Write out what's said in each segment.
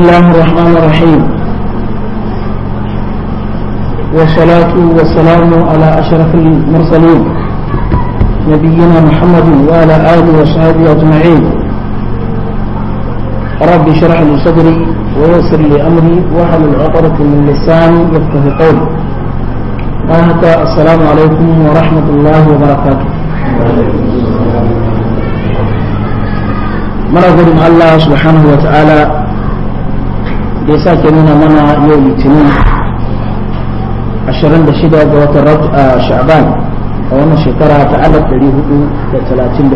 الله الرحمن الرحيم والصلاة والسلام على أشرف المرسلين نبينا محمد وعلى آله وصحبه أجمعين رب شرح لي صدري ويسر لي أمري واحلل عقدة من لساني يفقه قولي آه السلام عليكم ورحمة الله وبركاته مرة الله سبحانه وتعالى da ya sake nuna mana yau litinin 26 ga watan sha'ban a wannan shekara ta 1433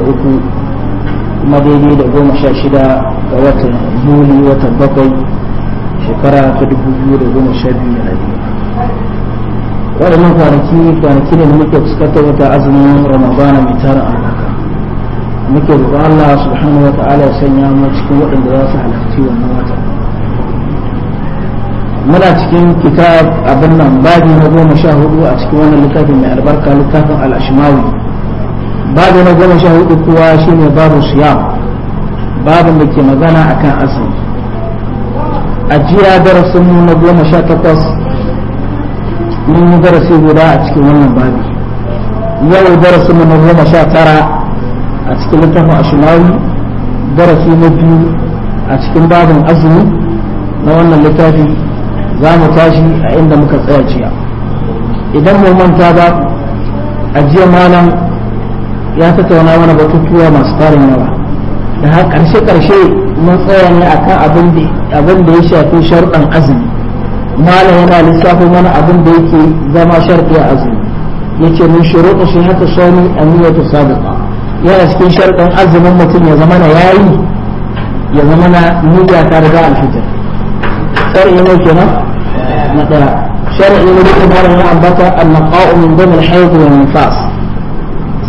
kuma daidai da goma shida ga watan yuli watan bakwai shekara ta 2012 waɗannan kwanaki kwanaki ne da muke fuskantar wata azumin ramadana mai tara muke roƙon Allah subhanahu wa ta'ala sanya mu cikin waɗanda za su halarci wannan watan muna cikin kitab abin nan babi na goma sha hudu a cikin wannan littafin mai albarka littafin al'ashimawi babi na goma sha hudu kuwa shine babu siyam babin da ke magana a kan azumi a jiya darasin na goma sha takwas mun yi darasi guda a cikin wannan babi yau darasin na goma sha tara a cikin littafin al'ashimawi darasi na biyu a cikin babin azumi na wannan littafin za mu tashi a inda muka tsaya jiya idan mu manta ba a jiya malam ya tattauna mana batutuwa masu farin yawa da har karshe karshe mun tsaya ne akan abin da ya shafi sharuɗan azumi malam yana lissafin mana abin da yake zama sharɗi a azumi yace min shuruɗu shi haka sami aniyatu sadiqa yana cikin sharɗin azumin mutum ya zama na yayi ya zama na niyya ta riga alfitar shar'i ne kenan na daya shar'i ne duk da ya ambata an-naqa'u min dam al-hayd wa nifas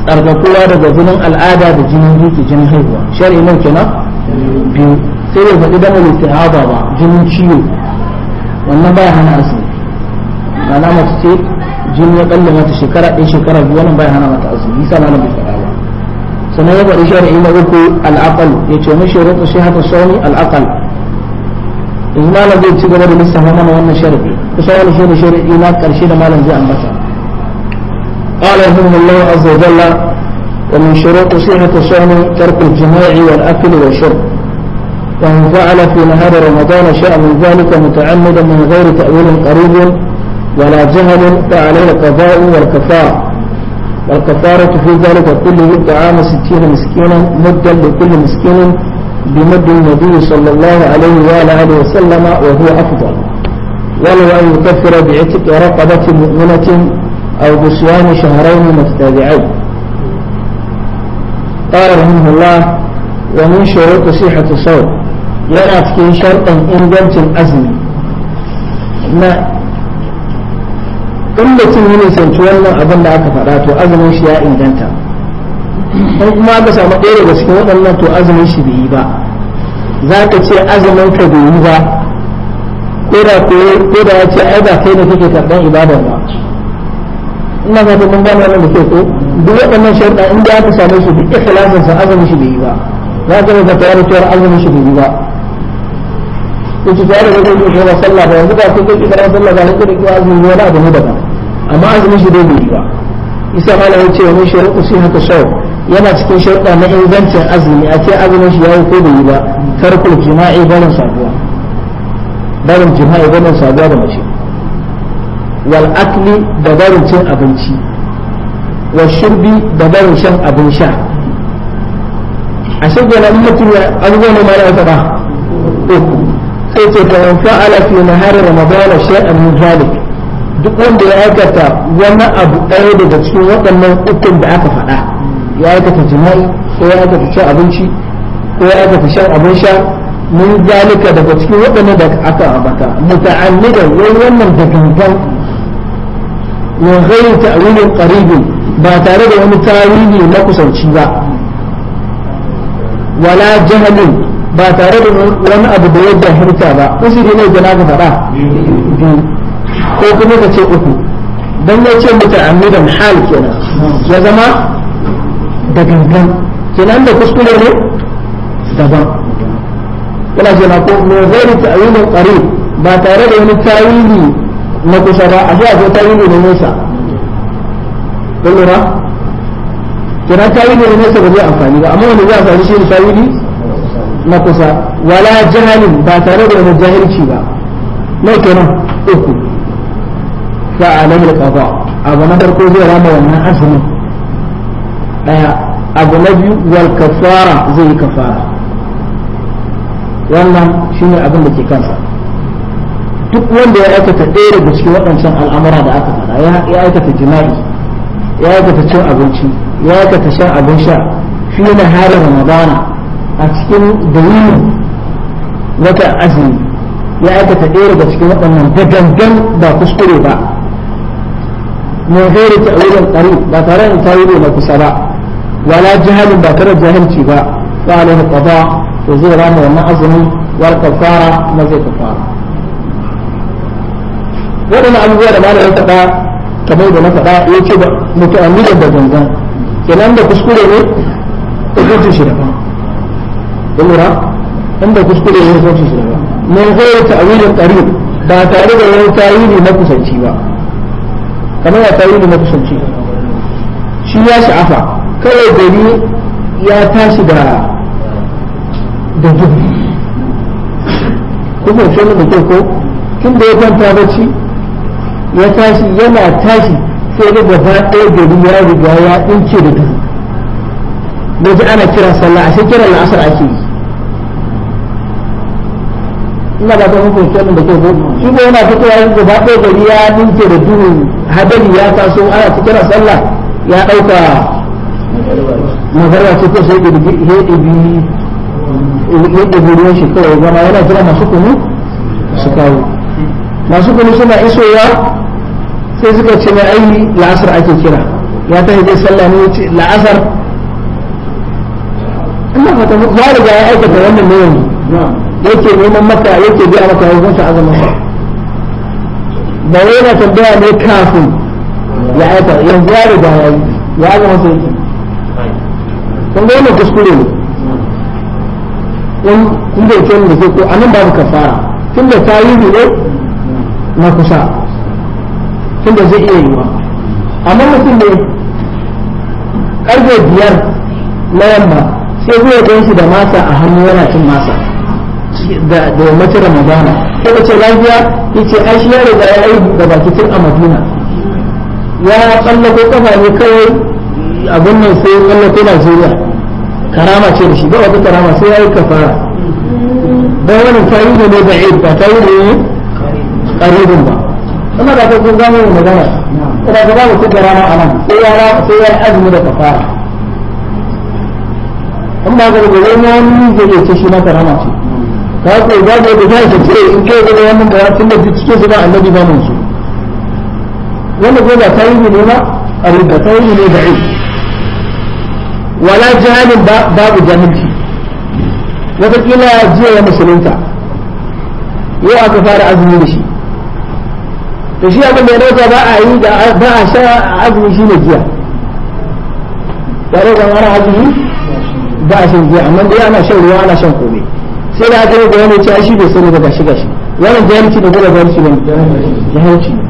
tsarkakuwa daga jinin al'ada da jinin biki jinin haihuwa shar'i ne ya wannan baya hana azumi ma'ana mace ce jini ya kalle mata shekara ɗaya shekara biyu wannan baya hana mata azumi bisa malam bai faɗa ba sannan ya faɗi shari'i na uku al'aqal ya ce mishi rufu sai haka sauni al'aqal izmalan الذي ci gaba da lissafa mana wannan sharhi kusa wani shi ne shari'i na karshe da malam قال رحمه الله عز وجل ومن شروط صحة الصوم ترك الجماع والأكل والشرب ومن فعل في نهار رمضان شاء من ذلك متعمدا من غير تأويل قريب ولا جهل فعليه القضاء والكفاء والكفارة في ذلك كله طعام ستين مسكينا مدا لكل مسكين بمد النبي صلى الله عليه وآله وسلم وهو أفضل ولو أن يكفر بعتق رقبة مؤمنة أو بصيام شهرين متتابعين قال رحمه الله ومن شروط صحة الصوم yana cikin sharɗin ingancin azumi na in mutum ya nisanci wannan abin da aka faɗa to azumin shi ya inganta in kuma aka samu ɗaya daga cikin waɗannan to azumin shi bai yi ba za ka ce azumin ka bai yi ba ko da ko da ya ce ai ba kai ne kake karɓar ibadar ba ina ga mun gane nan da ke ko duk waɗannan sharuɗa in da aka same su duk ikhlasin sa azumin shi bai yi ba za ka ga ta da ta azumin shi bai yi ba yace ta yaro zai yi kuma sallah ba yanzu ba kai kike karɓar sallah ba ne kike kiwa azumin wani abu ne daban amma azumin shi bai yi ba isa malai yace wani sharuɗu sai haka sharuɗu yana cikin sharuɗa na ingancin azumi a ce azumin shi yayi ko bai yi ba tarkul jima'i barin saduwa barin jima'i barin saduwa da mace wal akli da barin cin abinci wa shurbi da barin shan abin sha a shirya na mutum ya abubuwa ne mara yasa ba uku sai ce ka wanfa ala fi nahari ramadan shay'an min zalik duk wanda ya aikata wani abu ɗaya daga cikin waɗannan ukun da aka faɗa ya aikata jima'i ko ya aikata cin abinci ko ya aikata shan abin sha min zalika daga cikin waɗannan da aka ambata muta'allidan wai wannan da gangan min ghairi ta'wilin qaribin ba tare da wani tarihi na kusanci ba wala jahalin ba tare da wani abu da yadda hirta ba usiri ne gana ka faɗa ko kuma ka ce uku dan ya ce mutu amidan hal kenan ya zama da gangan kenan da kuskure ne daban wala ce na ko me zai ta ayyukan tsari ba tare da wani tawili na kusa ba a sai akwai tawili na nesa kun lura kenan tawili na nesa ba zai amfani ba amma wanda zai amfani shi ne tawili na kusa wala jahalin ba tare da wani jahilci ba mai kenan uku fa alamul ba abu na farko zai rama wannan azumin ɗaya. abu na biyu wal kafara zai yi kafara wannan shine abin da ke kansa duk wanda ya aikata ɗaya daga cikin waɗancan al'amura da aka faɗa ya aikata jima'i ya aikata cin abinci ya aikata shan abin sha fi na harin ramadana a cikin dalilin wata azumi ya aikata ɗaya daga cikin waɗannan da gangan ba kuskure ba mun gairi ta wurin tsari ba tare da ta tayi na kusa ba wala jahalin ba tare jahilci ba wa a qada to zai rama wannan azumin wal kafara na zai kafara faɗa kamar da na faɗa ya ce ba mutu'ammidan da gangan kenan da kuskure ne hukuncin shi daban kun lura da kuskure ne hukuncin shi daban mun zai ta'awilin qarib ba tare da wani tarihi na kusanci ba kamar ya tarihi na kusanci shi ya sha'afa kawai gari ya tashi da da kuma ce ne da ko tun da ya kwanta bacci ya tashi yana tashi sai da gaba ɗaya gari ya riga ya ɗinke da duhu na ji ana kira sallah ashe kiran la'asar ake yi ina ba ta mafi kyanin da ke ko shi ko yana fitowa yin ba ɗaya gari ya ɗinke da duhu hadari ya taso ana ta kira sallah ya ɗauka magarba ce ko sai da yadda ruwan shi kawai zama yana jira masu kunu su kawo masu kunu suna isowa sai suka ce mai ai la'asar ake kira ya ta hijir sallah ne ce la'asar ina fata ya riga ya aikata wannan ne yanzu yake neman maka yake biya maka hukunta azumin sa ba wai na tambaya ne kafin ya aikata yanzu ya riga ya yi ya azumin sa yake kun ga wannan kuskure ne in kun da yake da ko anan babu kafara tun da tayi ne na kusa tun da zai iya yiwa amma mutum ne karfe biyar na yamma sai zai gan shi da masa a hannu yana cin masa da da mace ramadana sai ce lafiya yace ai shi ya riga ya yi da baki tun a madina ya tsallako kafa ne kawai abin nan sai tsallake Najeriya karama ce da shi ba wata karama sai ya yi kafara don wani da ne ba'id ba ta yi yi karibin ba kuma da ka kun gano magana kuma ka ba mu kuka a nan sai ya sai ya azumi da kafara amma ga gobe ne wani zai ce shi na karama ce ka ko ba da ku ta ce in kai ga wannan karatun da cikin su ba annabi ba mun su wannan ko ta yi ne ma a rubuta ta yi ne ba'id wala jahalin babu jahilci wataƙila jiya ya musulunta yau aka fara azumi da shi to shi abin da ya rauta ba a yi da ba a sha azumi shi ne giya ya rauta wani azumi ba a shan giya amma dai ana shan ruwa ana shan komai sai da aka rauta wani cewa shi bai ba da gura jahilci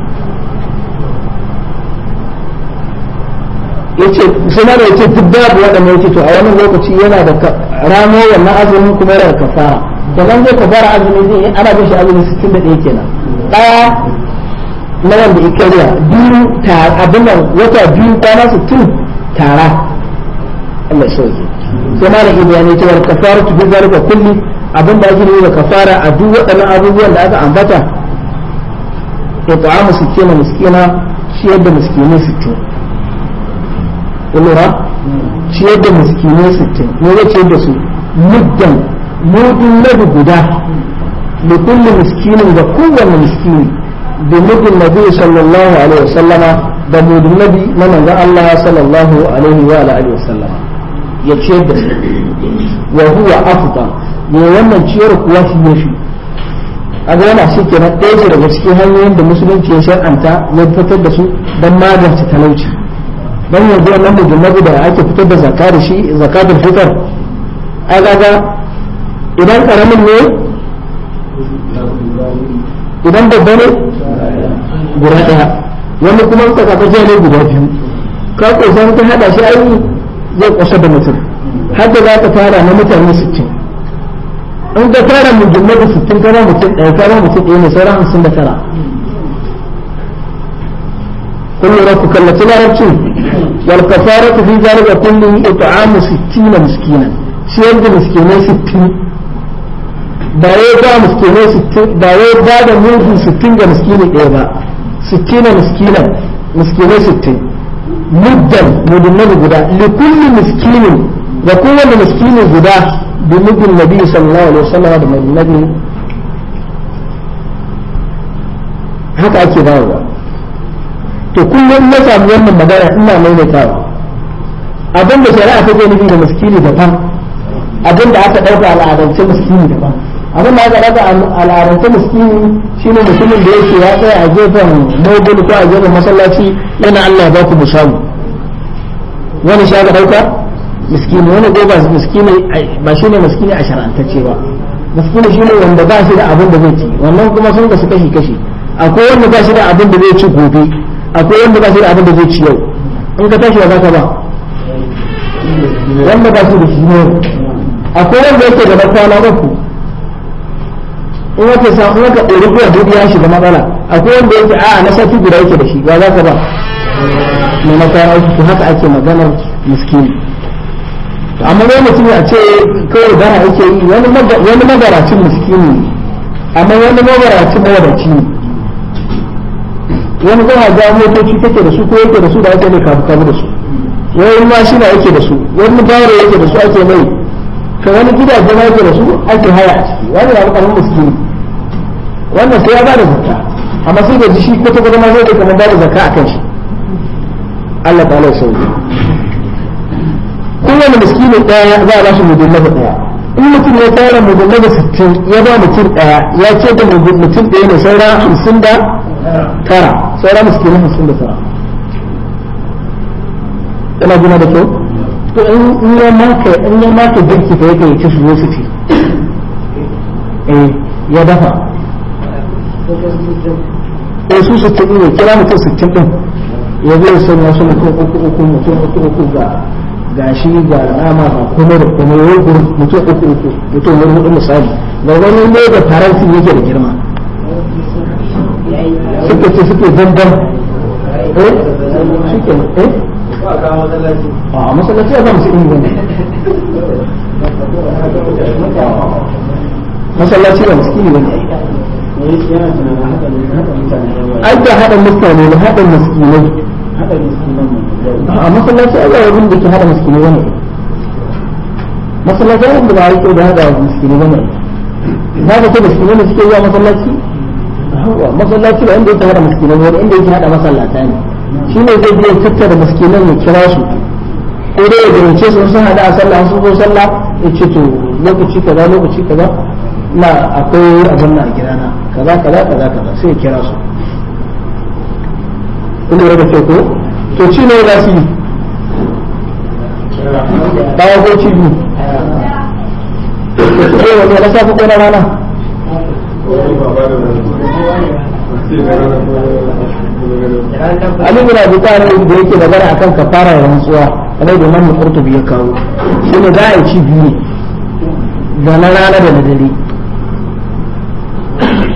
yace sai mana yace duk babu waɗanda yake to a wani lokaci yana da ramo wannan azumin kuma yana da kafara da zan zai kafara azumi zai yi ana bin shi azumi 61 kenan ɗaya na wanda ya karya biyu tara abin wata biyu kwana 60 tara Allah ya sauke sai mana ido ya ne ta war kafara tu bi zalika kulli abin da ake yi da kafara a duk waɗannan abubuwan da aka ambata ya ta'amu sikina miskina ciyar da miskinai 60 kulura ciyar da miskinai sittin ne ya ciyar da su muddan mudun ladu guda da kulle miskinin da kowane miskini da mudun nabi sallallahu alaihi wasallam da mudun nabi na manzon Allah sallallahu alaihi wa alihi wasallam ya ciyar da su wa huwa afdal ne wannan ciyar kuwa shi ne shi a ga yana shi kenan ɗaya daga cikin hanyoyin da musulunci ya shar'anta ya fitar da su don magance talauci dan yanzu wannan mujalladu da ake fitar da zakka da shi zakatul fitr ai kaga idan karamin ne idan babba ne guda daya wani kuma tsakakaciya ne guda biyu ka kosa ta hada shi ai zai kusa da mutum har da za ka fara na mutane sittin in ka tara mujalladu sittin kana mutum ɗaya kana mutum ɗaya ne sauran hamsin da tara kun lura ku kallaci larabcin wal kafaratu fi zalika kullu it'amu da miskinai 60 ba wai ba miskinai 60 ba wai ba da mudu 60 ga miskini ɗaya ba 60 miskina miskinai 60 muddan mudunnan guda to kullum na samu wannan magana ina maimaitawa abin da shari'a take nufi da miskini daban abin da aka ɗauka al'adance miskini daban abin da aka ɗauka al'adance miskini shine mutumin da yake ya tsaya a gefen mogul ko a gefen masallaci yana Allah ba ku musamu wani shi aka ɗauka miskini wani ko ba miskini ba shine miskini a shar'antacce ba miskini shine wanda ba shi da abin da zai ci wannan kuma sun kasu kashi kashi akwai wanda ba shi da abin da zai ci gobe akwai wanda ba su da abin da zai ci yau in ka tashi ba za ka ba wanda ba shi da shi ne akwai wanda yake gaba kwana uku in wata samu ka ɗori ko duk ya shiga matsala akwai wanda yake a na sati guda yake da shi ba za ka ba mai makara uku haka ake maganar miskini amma wani mutum a ce kawai gana yake yi wani magaracin miskini amma wani magaracin mawadaci ne wani zama ga motoci take da su ko yake da su da ake ne kafu kafu da su wani mashina yake da su wani bayro yake da su ake mai ka wani gidaje ma yake da su ake haya a ciki wani da karamin musulmi wannan sai ya ba da zakka amma sai da shi ta kwata ma zai kamar ba da zakka a kan shi Allah ta laisa da kowane miskinin ɗaya za a ba shi mudullaba ɗaya in mutum ya tara mudullaba sittin ya ba mutum ɗaya ya ce da mutum ɗaya ne saura hamsin da tara saura miskinai hamsin da tara ina gina da kyau to in ya maka in ya maka girki da yake ya su su ci eh ya dafa ko eh, su su tuni ne kira mutum su ci din ya zai sanya su mutum uku uku mutum uku uku ga gashi ga nama ga kuma da kuma yau mutum uku uku mutum wani hudu misali ga wani ne da faransi yake da girma ستة ستة ذنبا ايه ستة ايه اه مثلا فيها ذنب ستة ذنبا مثلا فيها ستة ذنبا أنت هذا المسكين ولا هذا المسكين؟ هذا المسكين من؟ ما صلى الله عليه وسلم هذا المسكين من؟ ما صلى الله عليه وسلم هذا المسكين من؟ هذا المسكين من؟ هذا المسكين من؟ ما صلى الله عليه masallaci ba inda yake hada miskinan wani inda yake hada masallata ne shi ne zai biyan tattara miskinan ya kira su ko dai ya gurance su sun hada a sallah sun zo sallah ya ce to lokaci kaza lokaci kaza na akwai abin na a gidana kaza kaza kaza kaza sai ya kira su kun lura da ko to ci ne za su yi bayan ko ci biyu ko ci ne wanda na safi ko na rana Ali bin Abi Talib da yake magana akan kafara da rantsuwa kamar da Imam Qurtubi ya kawo shi ne za a ci biyu da na rana da na dare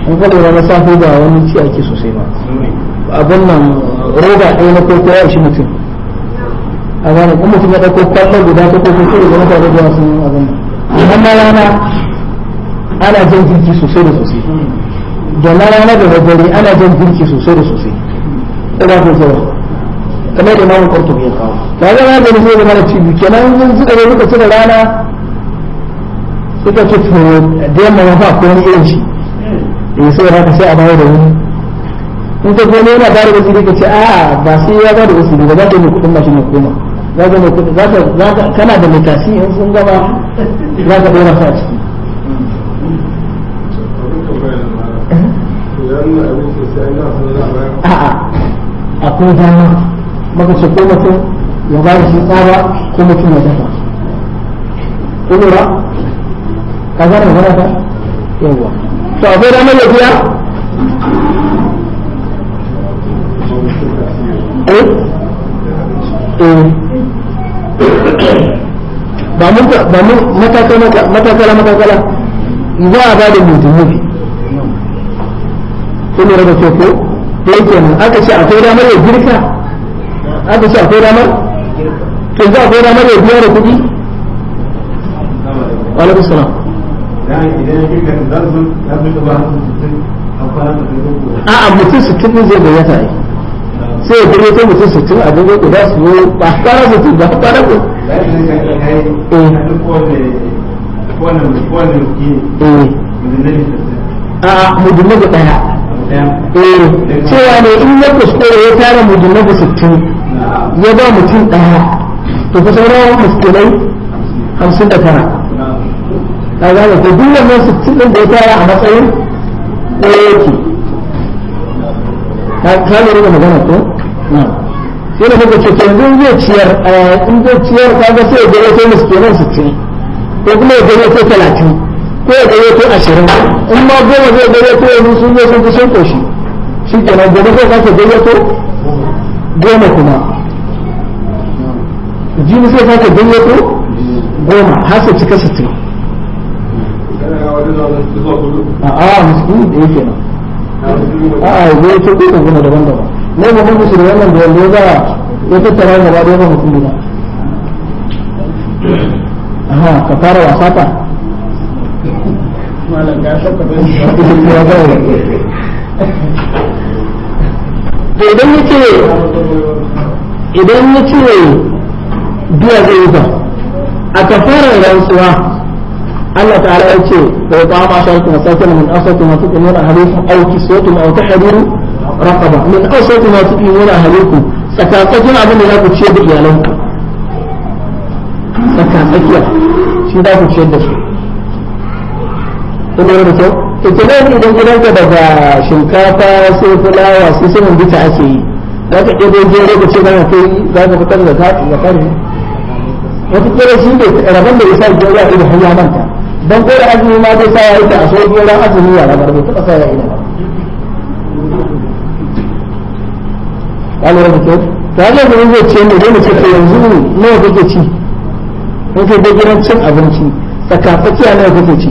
an kwado da na safe ba wani ci ake sosai ba abin nan roba ɗaya na koko ya ishi mutum a gane kuma mutum ya ɗauko kwallon guda ta koko sai da mutane da wasu abin nan amma rana ana jan girki sosai da sosai da na rana da dare ana jan girki sosai da sosai ina ko ba kamar da imamu qurtubi ya kawo ba ga na da sai da mara cibi kenan mun zuka ne muka da rana suka ce to da yamma ma ba ko wani irin shi eh sai haka sai a dawo da wani in ta gani yana ba da wasu ka ce a ba sai ya ba da wasu ba za ta yi kudin mashi ne koma za ka kana da mai tasi in sun gaba za ka ɗora sa ciki a'a akwai dama maka ce ko mutum ya ba shi tsara ko mutum ya dafa kulura ka gane magana ta yawa to akwai dama ya biya eh? Eh. ba mun ba mun matakala matakala matakala za a ba da mutum ne kun lura da ko to eh, kenan aka ce akwai damar ya girka aka ce akwai damar to za akwai damar ya biya da kuɗi alaikum salam a'a mutum sittin ne zai bayyana ai sai ya kuma ta mutum sittin a gaba ku za su yi ba kara sittin ba kara ku a'a mudunabi daya Eh. cewa ne in ya kuskure ya tara mujallabu sittin ya ba mutum ɗaya to kusan rawan muskilai hamsin da tara ta gane ko duk wannan sittin ɗin da ya tara a matsayin ɗaya yake ka lura da magana ko sai da kuka ce yanzu in zai ciyar eh, in zai ciyar ka ga sai ya gare ta muskenan sittin ko kuma ya gare ta talatin ko ya ashirin in ma goma zai gayyato yanzu sun zo sun fi sun koshi shi kenan gobe zai sake gayyato goma kuma jini sai sake gayyato goma har su cika a'a musulmi da a'a daban-daban ne ba mun musu da wannan da wanda ya zara ya tattara gaba da mutum ka fara wasa ta to idan ya ce idan ya ce biya zai yi ba a kafarar rantsuwa Allah ta'ala ya ce wa ya ta'ama sharikun sakin min asati ma tuqinun ahlikum aw kiswatun aw tahdiru raqaba min asati ma tuqinun ahlikum tsakatsakin abin da za ku ciyar da iyalanku tsakatsakiya shi za ku ciyar da su kuma da kyau ita ne idan gidanka daga shinkafa sai fulawa sai sanin bita ake yi za ka ɗaya dai jere da ce gana kai za ka fitar da zaɓi da ƙarfi wata kira shi ne rabon da isa gero a ido hanya manta don kora azumi ma zai sa ya yi da a sauran gero azumi ya rabar bai taɓa sa ya ido ba lura da kyau ta hanyar da zai ce ne zai mace ta yanzu nawa kake ci in kai dai gidan cin abinci tsaka tsakiya nawa kake ci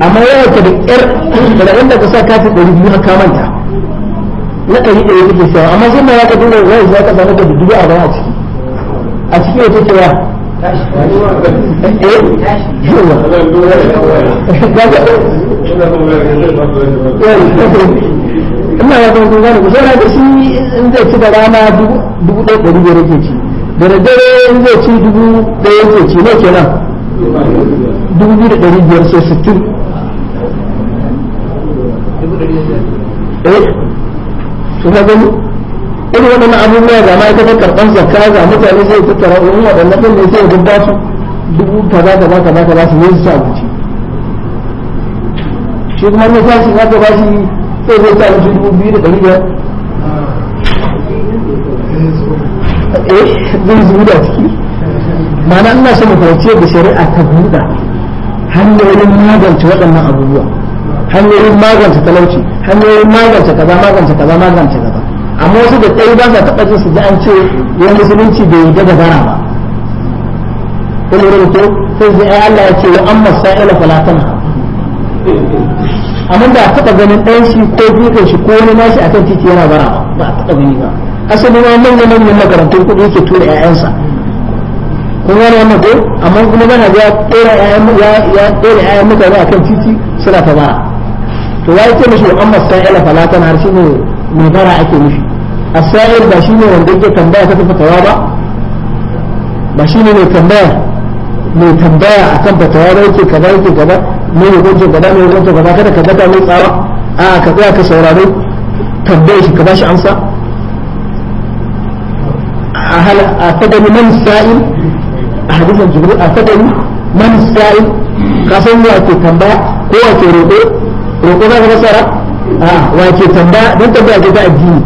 amma yawa ta da yar daga wanda ka sa kafin ɗari biyu haka manta na ɗari ɗari kake amma sai ma ya ka za ka da dubu a ciki a ciki wata eh? ina ya kan kun gane kusa da shi in zai ci da rana dubu ɗaya ɗari biyar yake ci da daddare in zai ci dubu ɗaya yake ci ne kenan dubu biyu da ɗari biyar sai sittin eh su ga gani irin waɗannan abubuwa ga ma'aikatar karɓar zakka ga mutane sai tattara irin waɗannan ɗin ne sai ya gudda su dubu kaza kaza kaza kaza su ne su sa abinci shi kuma ne tashi na gaba shi sai zai sa abinci dubu biyu da ɗari biyar eh zai zuwa da ciki ma'ana ina so mu fahimci da shari'a ta buɗa hanyoyin magance waɗannan abubuwa hanyoyin magance talauci hanyoyin magance kaza magance kaza magance kaza amma wasu da tsayi ba sa taɓa jin su ji an ce yan musulunci bai yarda da bara ba kuma lura da sai zai ai Allah ya ce wa amma sa'ila fala amma da taɓa ganin ɗan shi ko dukan shi ko wani nashi akan titi yana bara ba ba a taɓa gani ba asali ma manya manyan makarantun kuɗi yake tura 'ya'yansa kun gane wannan ko amma kuma bana ga ya ɗora 'ya'yan mutane akan titi suna ta bara to ya ce mishi amma sa'ila falatan har shine mai bara ake mishi as-sa'il ba shine wanda yake tambaya ta fatawa ba ba shine mai tambaya mai tambaya akan fatawa da yake kaza yake kaza ne hukuncin kaza ne hukuncin kaza kada ka gada mai tsara a ka tsaya ka saurari tambaye shi ka bashi amsa هل أفدني من السائل أحاديث الجبريل أفدني من السائل قسم يأتي تنبأ هو تريده roƙo za ka fasara a wace tambaya don tambaya ce ta addini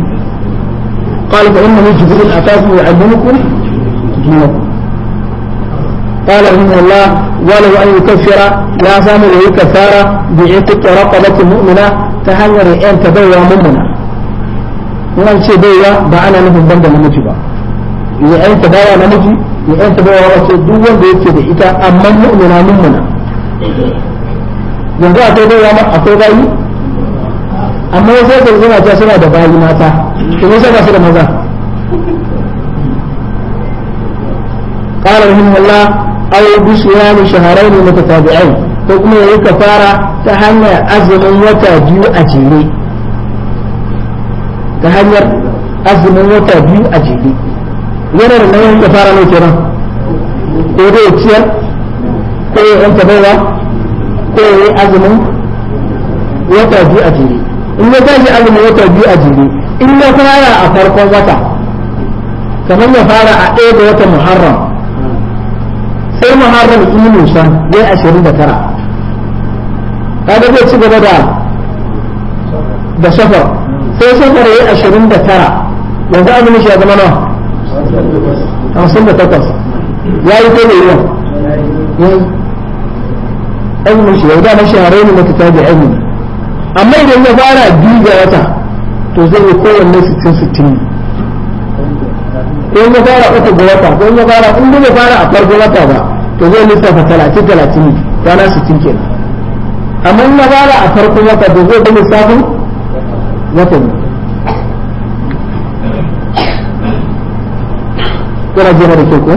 قال فإنه جبريل أتاكم يعلمكم دينكم قال رحمه الله ولو أن يكفر لا سامي له كفارة بعتق رقبة مؤمنة تهنر أن تبوى مؤمنة wannan ce baiwa ba ana nufin banda namiji ba ya yan ta bawa namiji ya yan ta bawa wace duk wanda yake da ita amma mu'mina mummuna yanzu akwai bayi akwai bayi amma wasu yadda suna cewa suna da bayi mata kuma sai ba su da maza قال رحمه الله أو بصيام شهرين متتابعين فكما يكفارة تهنى أزم وتابيو أجيري تهنى أزم وتابيو أجيري yana da nauyin da fara mai kenan ko dai ciyar ko ko ya yi azumin wata biyu a jere in ya tashi azumin wata biyu a jere in ya fara a farkon wata kamar ya fara a ɗaya ga wata muharram sai muharram in nusa ya ashirin da tara kaga zai ci gaba da da safar sai safar ya yi ashirin da tara yanzu azumin shi ya zama nawa hamsin da takwas ya yi ko bai yi azumin shi da na shahararren ne mata tabi azumi amma idan ya fara biyu ga wata to zai yi kowanne sittin sittin ne ko ya fara uku ga wata ko ya fara in ba fara a farko wata ba to zai lissafa talatin talatin kwana sittin kenan amma in ya fara a farko wata to zai bin sabon wata ne kuna jira da ke ko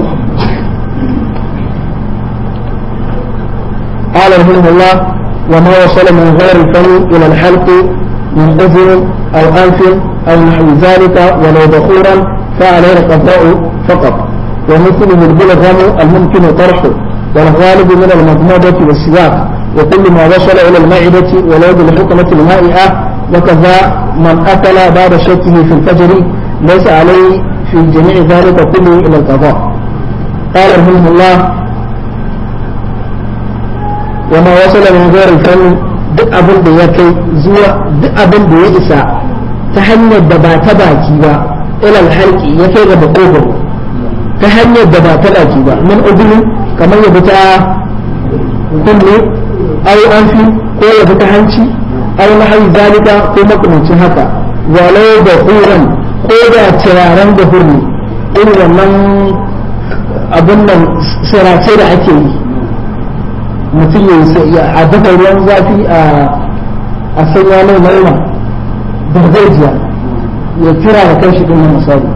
قال رحمه الله وما وصل من غير الفم إلى الحلق من أذن أو أنف أو نحو ذلك ولو بخورا فعليه القضاء فقط ومثله البلغم الممكن طرحه والغالب من المضمضة والسياق وكل ما وصل إلى المعدة ولو بالحكمة المائعة وكذا من أكل بعد شكه في الفجر ليس عليه في جميع ذلك كله إلى القضاء قال رحمه الله wama wasala min ghairil fanni duk abin da ya kai zuwa duk abin da ya isa ta hanyar da ba ta baki ba ilal halki ya kai ga makogaro ta hanyar da ba ta baki ba min udhuni kamar ya fita kunne au anfi ko ya ta hanci au nahawi zalika ko makamancin haka walau da huran ko da turaren da hurni irin wannan abin nan sirace da ake yi mutum ya a dafa ruwan zafi a sanya mai maima dargajiya ya kira da kan shi din na misali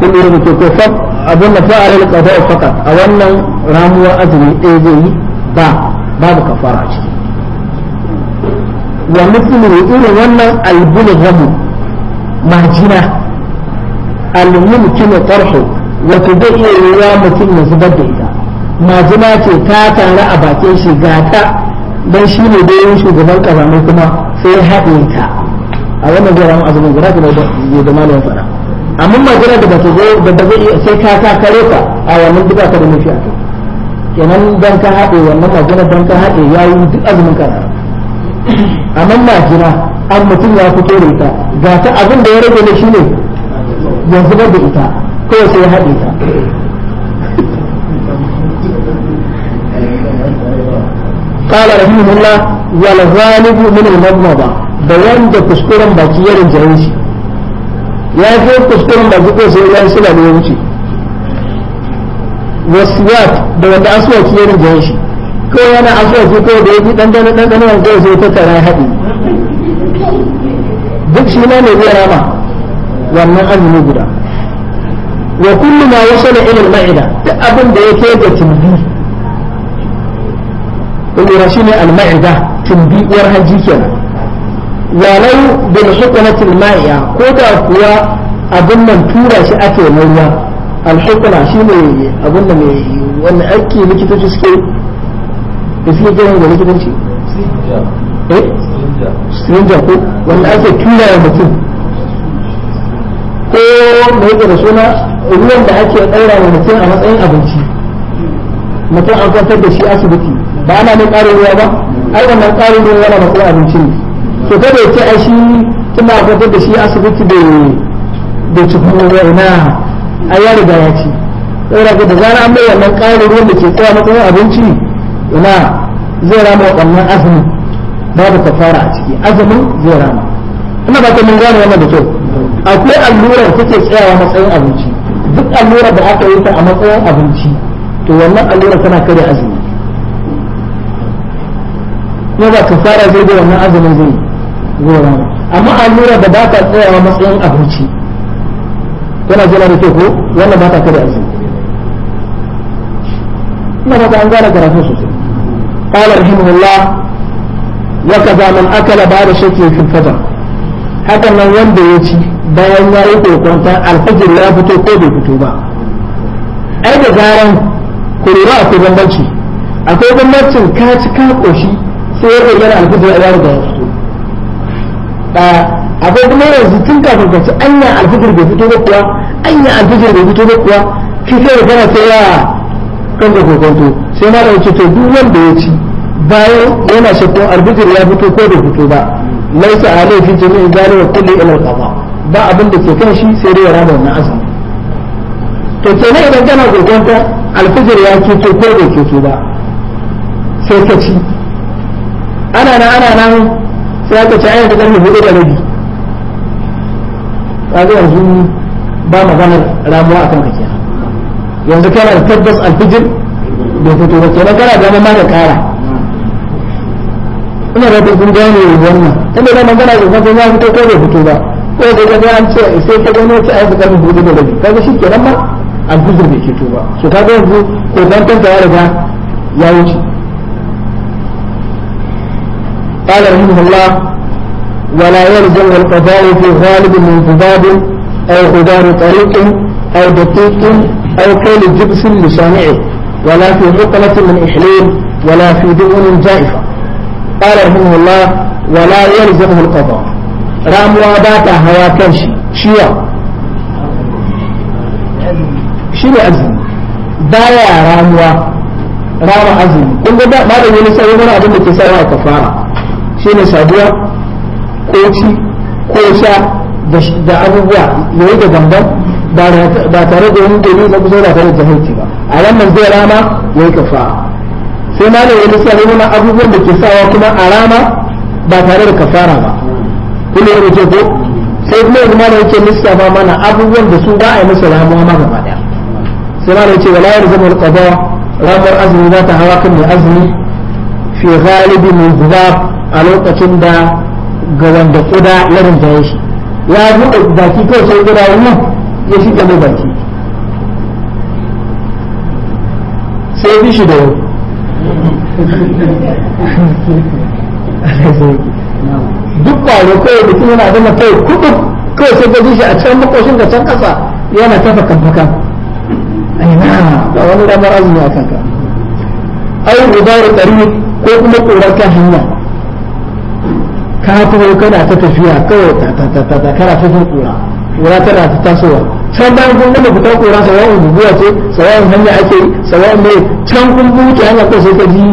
kun yi rubutu ko fa abin da fa'ar al-qada faka a wannan ramuwa azumi ɗaya zai yi ba babu kafara a ciki wa mutum irin wannan albulghamu majina al-mumkinu tarhu wato zai iya yiwuwa mutum ya zubar da ita majina ce ta tare a bakin shi ga ta Dan shi ne yin shugaban kazamai kuma sai haɗe ta a wannan zai ramu azumin guda kuma ya da malamin fara amma majina da bata zo da ba zai sai ta ta kare ka a wannan duka ka da mafi a kenan dan ka haɗe wannan majina dan ka haɗe ya yi duk azumin ka amma majina an mutum ya fito da ita ga ta abin da ya rage ne shine yanzu ba da ita kawai sai ya haɗe ta قال رحمه الله والغالب من المضمضة بيان ده كسكورا باكيا للجاوشي يا في كسكورا باكيا سيلا سيلا ليوشي wasiyat da wanda aswaki ya rinjaye shi ko yana aswaki ko da yake dan dan dan zai ta tara haɗi duk shi ne ne zai rama wannan azumi guda wa kullu ma wasala ila maida abin da yake da tumbi kuma shi ne al-ma'ida tumbiɗiyar hajji kenan walau bil hukumatil ma'iya ko da kuwa abin nan tura shi ake na al-hukuma shi ne abin da mai wanda ake likitoci suke da suke kiran da likitanci eh sirinja ko wanda ake tura wa mutum ko mai da suna ruwan da ake ɗaura wa mutum a matsayin abinci mutum an kwantar da shi asibiti ba na da ƙarin ruwa ba ai wannan ƙarin ruwa yana matsayin abinci ne to kada ya ce ai shi kina fitar da shi asibiti da da cikin ruwa ina ai ya riga ya ci saboda da zara an bai wannan ƙarin ruwa da ke tsaya matsayin abinci ina zai rama waɗannan azumin babu kafara a ciki azumin zai rama ina ba ta mun gane wannan da kyau akwai allurar take tsayawa matsayin abinci duk allurar da aka yi ta a matsayin abinci to wannan allurar tana kare azumi kuma ba kafara zai ga wannan azumin zai gora amma allura da ba ta tsayawa matsayin abinci tana jira da ko wannan ba ta kada azumi ina ba ta an gane karatu sosai قال رحمه الله وكذا من أكل بعد شكل في nan wanda ya ci bayan ya yi kokonta alfajir ya fito ko bai fito ba ai da zaran ku lura akwai bambanci akwai bambancin ka ci ka koshi sai ya bayyana alfijir a da ya fito akwai kuma yanzu tun kafin ka ci anya alfijir bai fito ba kuwa anya alfijir bai fito ba kuwa ki sai da kana sai ya kan da kokonto sai ma da ta duk wanda ya ci bayan yana shakkun alfijir ya fito ko bai fito ba laisa alai fi jami'in zalika kulli ila al-qada ba abin da ke kan shi sai dai ya raba wannan azumi to kenan idan kana kokonto alfijir ya fito ko bai fito ba sai ka ci ana nan ana nan sai aka ci ayyata karfe hudu da rabi kaga yanzu ba maganar ramuwa akan ka kenan yanzu kana da tabbas alfijir bai fito ba kenan kana da ma da kara ina da kun gane wannan tunda da magana da kuma ya fito ko bai fito ba ko da kaga an ce sai ka gano ta ayyata karfe hudu da rabi kaga shi kenan ma alfijir bai fito ba so kaga yanzu ko dan tantawa da ya wuce قال رحمه الله ولا يلزم القضاء في غالب من ذباب أو غبار طريق أو دقيق أو كيل جبس لصانعه ولا في عقلة من إحليل ولا في دؤن جائفة قال رحمه الله ولا يلزمه القضاء راموا وابات هوا كنشي شيا شنو أزم بايا راموا رام أزم كل ده ما ده يلسا يمر أبن كسا وكفارة shine saduwa ko ci ko sha da abubuwa yayi da gangan ba tare da wani dalili na kusa ba tare da jahilci ba a wannan zai rama yi kafa sai ma ne wani sai nuna abubuwan da ke sawa kuma a rama ba tare da kafara ba kuma yana ce ko sai kuma yanzu ma ne yake lissafa mana abubuwan da su ba a yi masa ramuwa ma gaba daya sai ma ne ce wala yalzamu zama qada ramar azumi za ta hawa kan mai azumi fi ghalibi min dhab a lokacin da ga wanda kuda ya ya shi ya buɗe baki kawai sai kuda wannan ya shi mai baki sai bi shi da yau duk kwaro kawai mutum yana zama kawai kudu kawai sai gaji shi a can makoshin ka can kasa yana fakan. fakan aina ba wani damar azumi a kanka ai gudanar ɗari ko kuma ƙorar kan hanya ka taho kana ta tafiya kawai ta ta ta ta kana ta kura kura tana ta tasowa can bayan kun gama fitar kura sawa'un guguwa ce sawa'un hanya ake yi sawa'un mai can kun buke hanya ko sai ka ji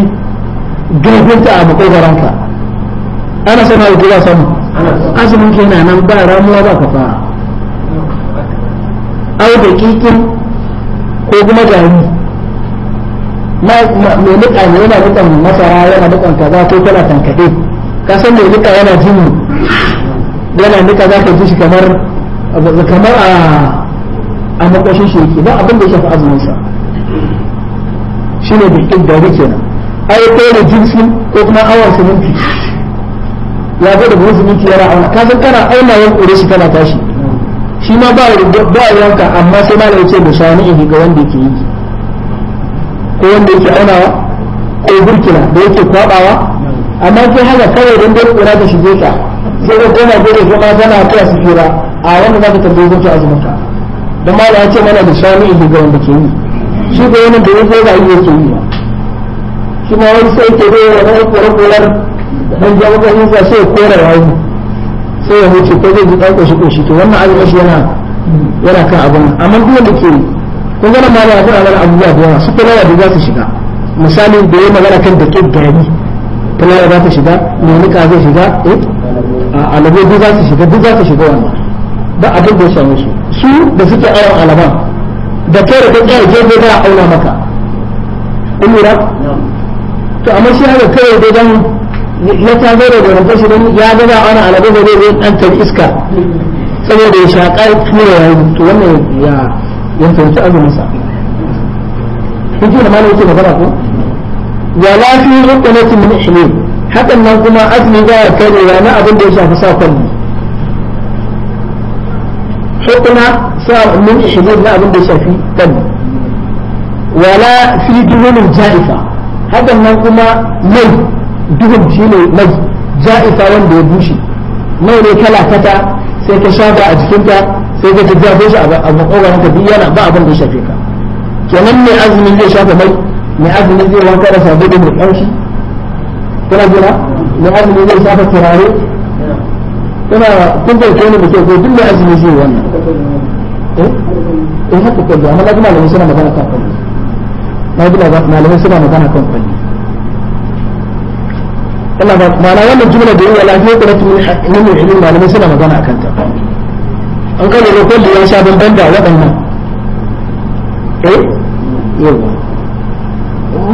garbinta a makogaranka ana sama da kira samu. azumin kenan nan ba ramuwa ba ka fara au da kikin ko kuma gari mai nika ne yana dukan masara yana dukan kaza ko kala tankaɗe ka san mai duka yana jin yana duka za ka ji shi kamar kamar a a makoshin shi yake ba abin da ya shafi azumin sa shine da iddari kenan ai ko da jinsi ko kuma awon siminti ya ga da buhun siminti yana awon ka san kana auna yan kure shi kana tashi shi ma ba ba yanka amma sai ma ya ce da shani ga wanda yake yi ko wanda yake aunawa ko burkina da yake kwabawa amma sai haka kawai don dai kura ta shige ta sai ka koma gode kuma tana ta su kura a wanda za ka tambaye zai ta azumin don ma ya ce mana da shani ido ga wanda ke yi shi ko wani da yake da yake ke yi shi ma wani sai ke da wani kura kurar dan jama'a kan yasa sai kora rayu sai ya huce ko zai ji shi ko shi to wannan azumin shi yana yana kan abin amma duk wanda ke yi kun gana ma da abin abubuwa da yawa su kuma da za su shiga misali da ya magana kan da ke gari fulawar za ta shiga nunuka zai shiga eh, duk za su shiga duk za su shiga wannan ba abin da ya same su su da suke awon alaban da kai da kai je za a auna maka in lura to amma shi haka kai da dan ya ta zo da rantar shi dan ya ga za a auna alabai da zai dan tar iska saboda ya shaka tura ya yi to wannan ya ya fahimci azumin sa kuke da malamin ke magana ko wala fi rukunati min ihlim hakan nan kuma azumi ba ya na abin da ya shafi sa hukuna sa min ihlim na abin da ya shafi kwalli wala fi duhunin ja'ifa hakan nan kuma mai duhun shi ne ja'ifa wanda ya bushe mai ne kala kata sai ka shafa a jikinka sai ka jajjafe shi yana ba abin da ya ka mai azumin zai shafa mai mai azumi zai wanka da sabulu mai ƙanshi kuna jira mai azumi zai shafa turare kuna kun zarce ni mutum ko duk mai azumi zai wannan eh haka kwalli amma na ji malamai suna magana kan kwalli na ji malamai suna magana kan kwalli ina ba ma'ana wannan jumla da yawa lafiya kuma tun min ilmi malamai suna magana akan ta an kalle da kwalli ya sha bamban da waɗannan eh yawa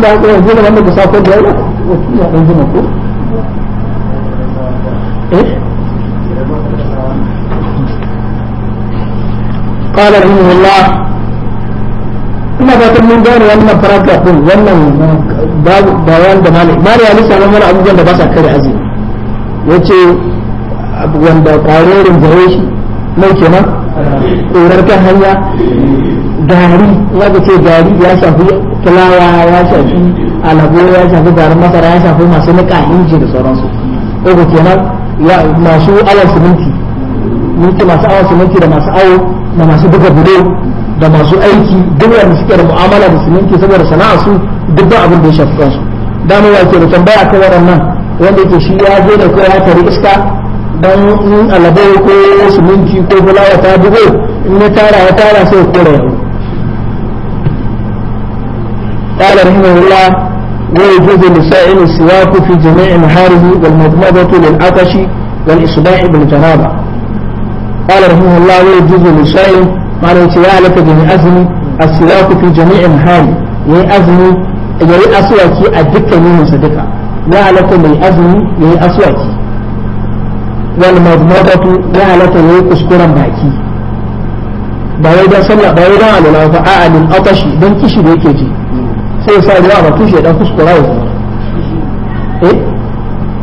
ba ku yanzu da wanda ku sako da yawa wato ya قال رحمه الله wannan faragraf din wannan babu da malik malik ya yace abubuwan da kwarorin zare shi hanya fulawa ya shafi alabo ya shafi garin masara ya shafi masu nika inji da sauransu uku kenan masu awon siminti minti masu awon siminti da masu awo da masu buga bude da masu aiki duk wanda suke da mu'amala da siminti saboda sana'a su duk ba abin da ya shafi kansu dama ya ke da tambaya kan waɗannan wanda yake shi ya je da kowa tare iska dan alabo ko siminti ko fulawa ta bugo in ya tara ya tara sai ya kore قال رحمه الله ويجوز للسائل السواك في جميع نهاره والمضمضة للعطش والإصباح بالجنابة قال رحمه الله ويجوز للسائل ما يتيا لك بالأزم السواك في جميع نهاره يا أزم يا أسواكي أدك من صدقة يا لك بالأزم يا أسواكي والمضمضة يا لك يا كسكرا باكي ba wai don sallah ba wai don alwala ba a'a lil atashi don kishi da yake ji sai ya sa ruwa a bakin ya dan kuskura ya zama eh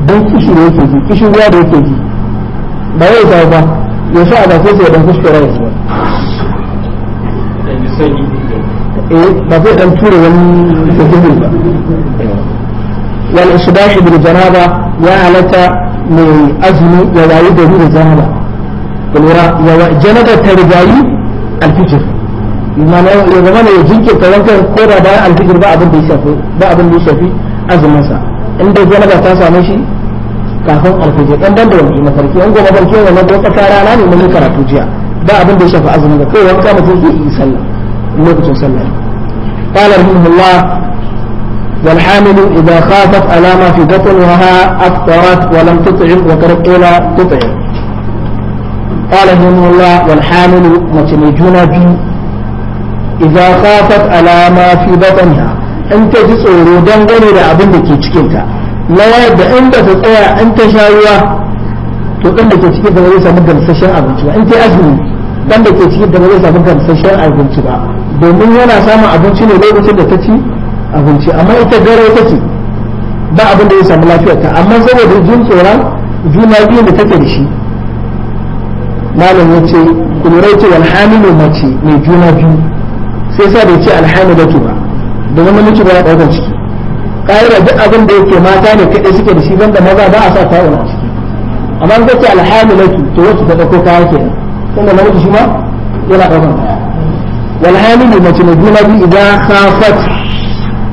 dan kishi da yake ji kishin ruwa da yake ji ba yau zama ba ya sa a sai da dan kuskura ya zama eh ba zai dan tura wani kokin ba wal isbahi bil janaba ya halata mai azumi ya wayi gari da janaba kulura ya janaba ta rigayi alfijir mana ya zama ne jinkirta wankan ko da bayan alfijir ba abin da ya shafi ba abin da ya shafi azumin sa in dai janaba ta same shi kafin alfijir dan dan da wani mafarki an goma barki wannan ko tsakar na ne mun karatu jiya ba abin da ya shafi azumin da kai wanka mutum zai yi sallah lokacin sallah قال رحمه الله والحامل إذا خافت ألاما في بطنها أفطرت ولم تطعم وكرت إلى تطعم قال رحمه الله والحامل متنجون biyu. idza khafat ala ma fi batniha in ta ji tsoro dangane da abin da ke cikin ta lawar da in ba ta tsaya in ta sha ruwa to ɗan da ke cikin ta ba zai samu gamsashen abinci ba in ta azumi ɗan da ke cikin ta ba zai samu gamsashen abinci ba domin yana samun abinci ne lokacin da ta ci abinci amma ita gare ta ce ba abin da ya samu lafiyar ta amma saboda jin tsoron juna biyu da take da shi malam ya ce kulurai ce wal hamilu mace mai juna biyu sai sa bai ce alhamidatu ba domin namiji ba ya ɗaukar ciki ƙa'ira duk abin da yake mata ne kaɗai suke da shi banda maza ba a sa ta'un a ciki amma in kace alhamidatu to wacce ta ɗauko kaya kenan da namiji shi ma yana ɗaukar kaya wal hamilu mace mai juna biyu idan khafat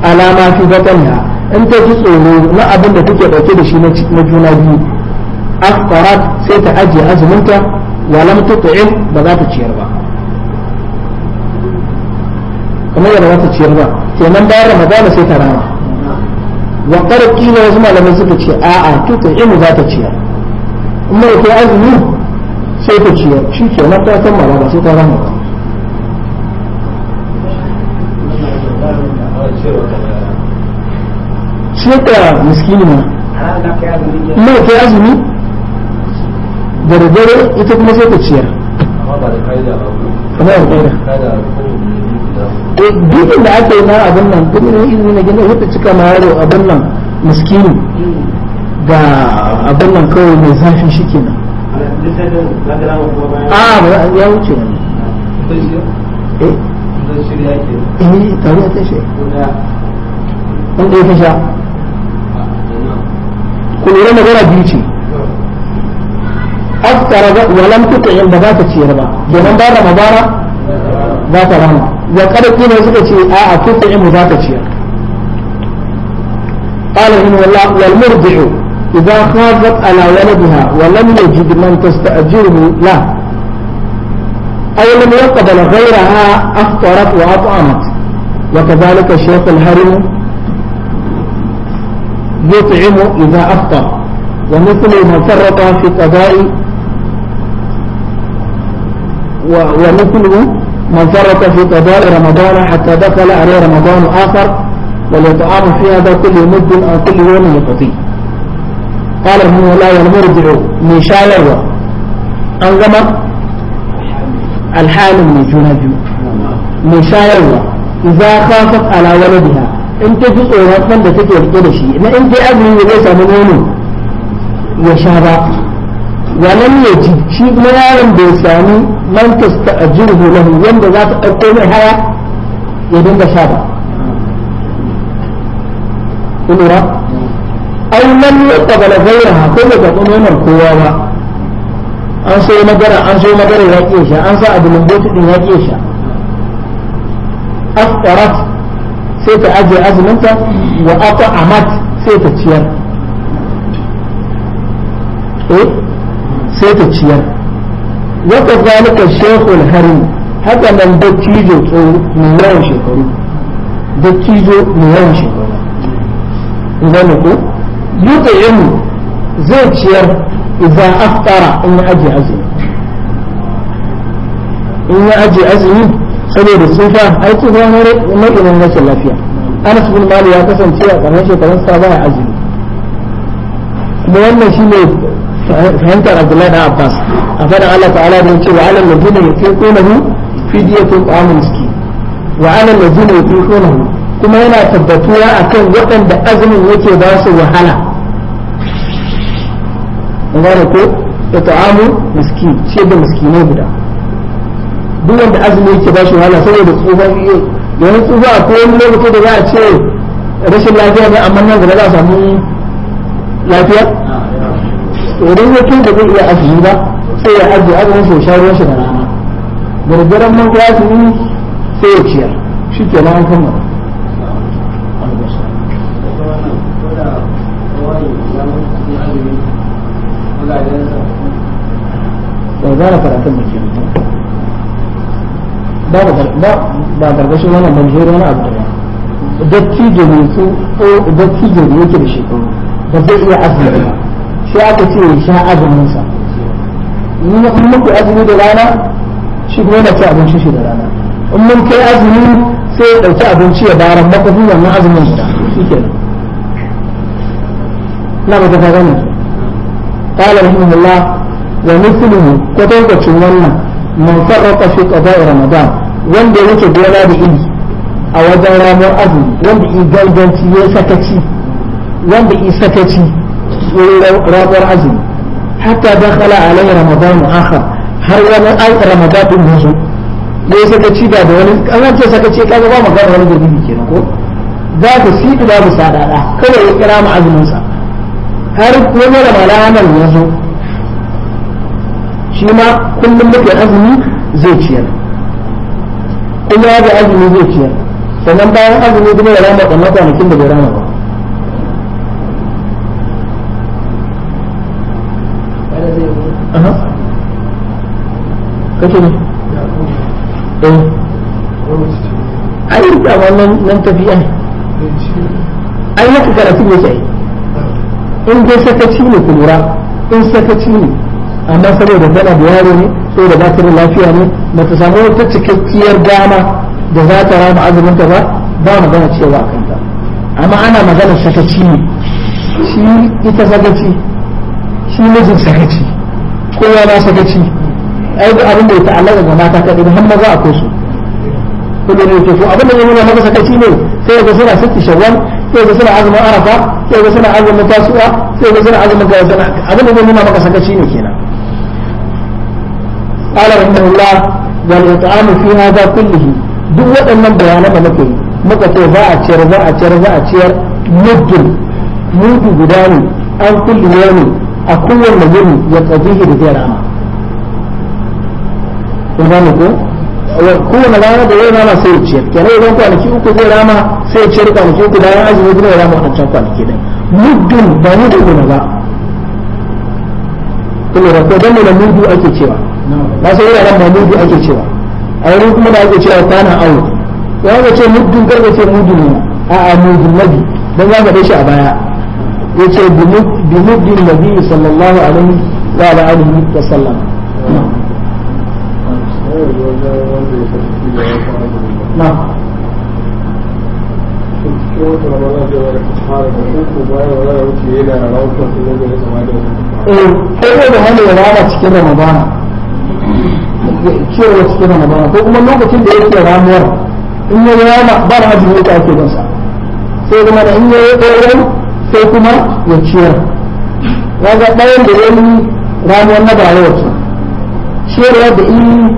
alama fi batanha in ta ji tsoro na abin da take ɗauke da shi na juna biyu afqarat sai ta ajiye azuminta walam tut'im ba za ta ciyar ba kuma yadda wata ciyar ba kenan bayan ramadana sai ta rama wa ƙarƙi ne wasu malamai suka ce a'a to ta imu za ta ciyar kuma da ta azumi sai ta ciyar shi ke na ta san malama sai ta rama shi ciyar miskini ma kuma da ta azumi da dare ita kuma sai ta ciyar kamar da dukkan da aka yi na abin nan duk ne izini na gina wata cika ma yaro abin nan miskini ga abin nan kawai mai zafi shi nan a ba ya wuce wani eh eh tare ta shi wanda ya fasha ku lura magana biyu ce aftara walam yin ba za ta ciyar ba domin ba da mabara za ta rama wa karfi ne suka ce a a tuta in za ka ciya qala in wallah wal murdi'u idza khafat ala waladiha wa lam yajid man tasta'jiru la أو لم يقبل غيرها أفطرت وأطعمت وكذلك الشيخ الهرم يطعم إذا أفطر ومثل من فرط في قضاء ومثله من فرط في قضاء رمضان حتى دخل عليه رمضان آخر وليطعام في هذا كل مد أو كل يوم يقضي قال ابن الله المرجع من شايع أنظم الحال من جنبي من شايع إذا خافت على ولدها انت ta من tsoron da take انت أبني وليس من in ta ولم يجد شيء ما يعلم بإنساني من تستأجره له يمد ذات القوم الحياة يبين ذا شابه أمورا أي من يقبل غيرها كل تقوم يمر قواما أنسى يوم جرى أنسى يوم جرى يهاتيشا أنسى أبو من بيت ابن يهاتيشا أفطرت سيت أجي أزمنت وأطعمت سيت تشير إيه سيتشيا وكذلك الشيخ الهرم هذا من دكيزو طول من يوم شكرو دكيزو من يوم شكرو إذا نقول يطعم زيتشيا إذا أفطر إن أجي أزيم إن أجي أزيم سبب الصفة أي صفة مرئ ومجد من نسل فيها أنا سبب المالي يا قسم شيئا فرنشي فرنسا لا أزيم لأن شيء fahimtar abdullahi da abbas a faɗin allah ta'ala da yake wa alal wa alal kuma yana tabbatuwa akan waɗanda azumin yake ba su wahala ngare ko da ta'amu miski ce da guda duk wanda azumi yake ba shi wahala saboda iya tsufa a kowane lokaci da za a ce rashin lafiya ne amma nan gaba za a samu lafiya to idan ya da zai iya azumi ba sai ya ajiye azumin sai sha ruwan shi da rana gargaran man ya azumi sai ya ciyar shi ke nan kammala a karatun da ke ba wannan wani abu dattijo su ko dattijo yake da shekaru ba zai iya azumi ba sai aka ce ya sha azumin sa in mun ku azumi da rana shi kuma yana ci abinci shi da rana in mun kai azumi sai ya dauki abinci ya bayar makafin wannan azumin sa. shikenan na ba ta gane قال رحمه الله ومثله كتوبة ولنا من فرط في قضاء رمضان وان دي وجه دولا دي a wajen ranar azumi wanda i ganganci ya sakaci wanda i sakaci wurin ramuwar azumi hatta dakhala alai ramadan akhar har wani ai ramadan din ya zo dai saka ci da wani an ce saka ci kaga ba magana wani dalili kenan ko za ka si da babu kawai ya kira mu azumin sa har wani ramadan ya zo shi ma kullum muke azumi zai ciyar kuma ya ga azumi zai ciyar bayan azumi zai rama da da bai rama ba kake ne eh ai da wannan nan tafiya ne ai haka karatu ne sai in dai sakaci ne ku lura in sakaci ne amma saboda tana da yaro ne saboda ba ta da lafiya ne ba ta samu wata cikakkiyar dama da za ta rama azumin ta ba ba magana cewa a ta. amma ana magana sakaci ne shi ita sakaci shi mijin sakaci kowa ma sakaci ai duk abin da ya ta'allaka ga mata kadai har maza akwai su kuma ne to abin da ya nuna maka sakaci ne sai ga suna sitti shawwal sai ga suna azumin arafa sai ga suna azumin tasu'a sai ga suna azumin gawa abin da ya nuna maka sakaci ne kenan قال رحمه الله والإطعام في هذا كله duk waɗannan bayanan da muka yi muka ce za a ciyar za a ciyar za a ciyar muddin mudu guda ne an kulli ne a kowanne yini ya tsabihi da zai rama kun gane ko kowane rana da zai rama sai ya ciyar kenan idan kwanaki uku zai rama sai ya ciyar kwanaki uku bayan azumi kuma ya rama wadancan kwanaki din muddin ba ni da gona ba kuma da kodan mu da mudu ake cewa ba sai yaran ba mudu ake cewa a yau kuma da ake cewa kwana awo ya ga ce muddin ga ce mudu ne a a mudu nabi dan ya ga shi a baya yace bi muddin nabi sallallahu alaihi wa alihi wa sallam ko ya cikin cewa cikin ko kuma lokacin da yake ramuwar in ya rama ba na ajiyar yake ake sai kuma da in ya yi ɗoron sai kuma ya ciyar ya ga ɗayan da ya yi ramuwar na ba yau ce da in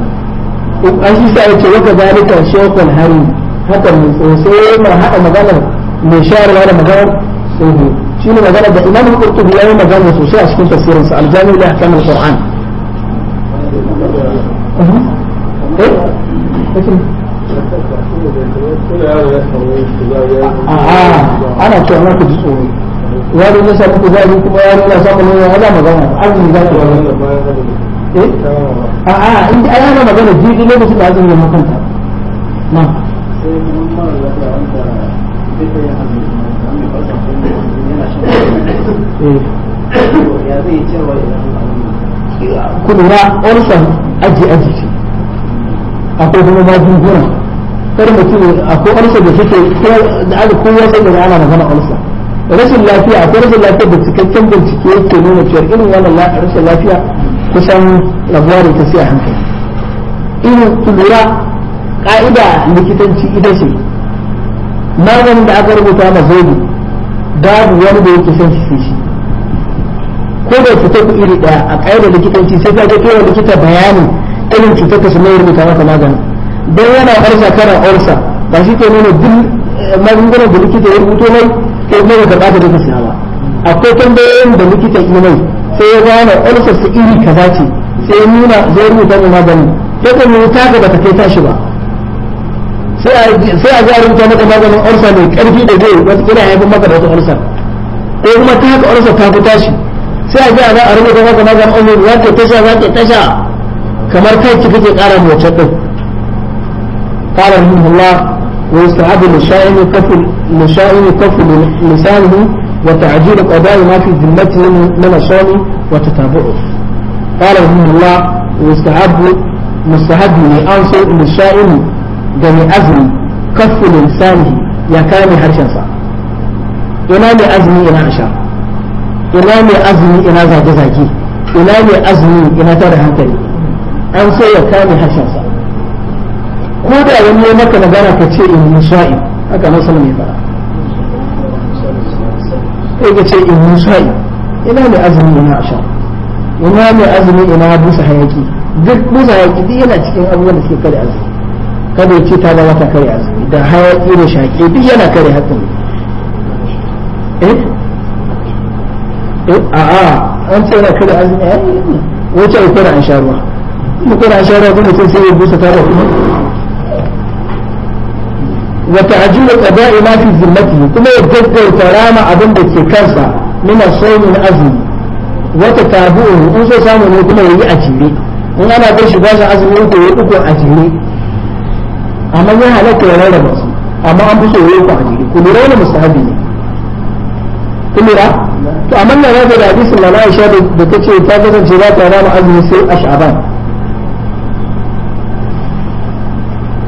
an shi sa yace waka zalika shaykhul harim haka mai sosai mai hada maganar mai shayarwa da maganar tsoho shine magana da imam al-qurtubi yayi magana sosai a cikin tafsirin sa al-jami' li ahkam al-qur'an ana cewa na ku ji tsoro ya da nasa muku zai kuma ya nuna samun nuna ana magana azumi za ku wani eh a a in ai ana magana jirgi da azumi ya makanta na eh. kudura aji aji ce akwai kuma kar mutum akwai da suke da aka kowa da ana magana rashin lafiya akwai rashin lafiya da cikakken bincike yake nuna cewa irin wannan rashin lafiya kusan rabuwa ta sai a hankali irin kulura ka'ida likitanci ita ce maganin da aka rubuta ma zobe babu wani da yake son shi sai shi ko da cutar ku iri daya a ka'ida likitanci sai ka ga kewa likita bayanin irin cutar ka su mai rubuta maka maganin don yana ƙarsa kana ƙarsa ba shi ke nuna duk eh, magungunan da likita ya rubuto mai ko mai da ba ta da siya ba akwai tambayoyin da likita yi mai sai ya gane ulcer su iri kaza ce sai nuna zai rubuta mu magani sai kuma wuta ga bata kai tashi ba sai a ga rubuta maka maganin orsa mai karfi da zai wata kira haifin maka da wata orsa ko kuma ta haka orsa ta fi tashi sai a ga za a rubuta maka maganin orsa za ta tasha za ta tasha kamar kai ki kake kara mu wacce din قال رحمه الله ويستحب للشائن كفل للشائن كفل لسانه وتعجيل قضاء ما في ذمته من الصوم وتتابعه قال رحمه الله واستحب مستحب لأنصر للشائم دم أزم كف لسانه يا كامي هرشنسا إنا لي أزمي إنا عشاء إنا لي أزمي إنا زاجي زاجي إنا لي أزمي إنا ترى هنتري أنصر يا كامي هرشنسا كودا يوم يومك نجانا كتير من شائم هكذا نوصل من يفعل sai ka ce in musa'i ina ne azumi na asha wani mai azumi ina busa hayaki duk busa hayaki duk yana cikin abubuwan da suke kare azumi kada ya ce ta zama ta kare azumi da hayaki da shaƙe duk yana kare hakan eh? eh a'a an ce yana kare azumi ai eh, wace ai kare an sha ruwa mu kare an sha ruwa kuma mutum sai ya busa ta da kuma wa ta'jilu qada'i ma fi zimmatihi kuma ya gaggauta rama abin da ke kansa min as-sawmi azumi wata tabu'u in so samu ne kuma yayi a jere in ana bar shi bashin azumi uku uku a jere amma ya halatta ya rarraba amma an fi yayi uku a jere ku lura wani mustahabi ne ku lura to amma na rage da hadisin na Aisha da ta ta kasance za ta rama azumi sai a Sha'ban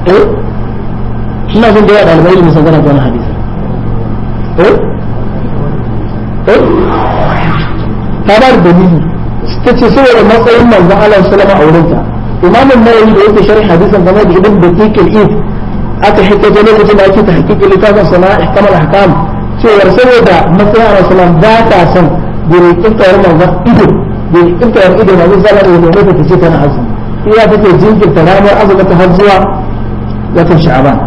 eh ina jin da ya dalibai musan gana hadisi eh eh ta ba da dalili ta ce saboda matsayin manzon Allah sallama a wurinta imamin nawawi da yake sharhi hadisin game da ibn batik al-id aka hikaje lokacin da ake ta hakiki littafin sana'a ihkamal ahkam cewar saboda matsayin Allah sallama ba ta san gure kinkayar manzon ido gure kinkayar ido manzon sallama da ta ce tana azumi iya take jinkirta ranar azumin ta har zuwa watan sha'aban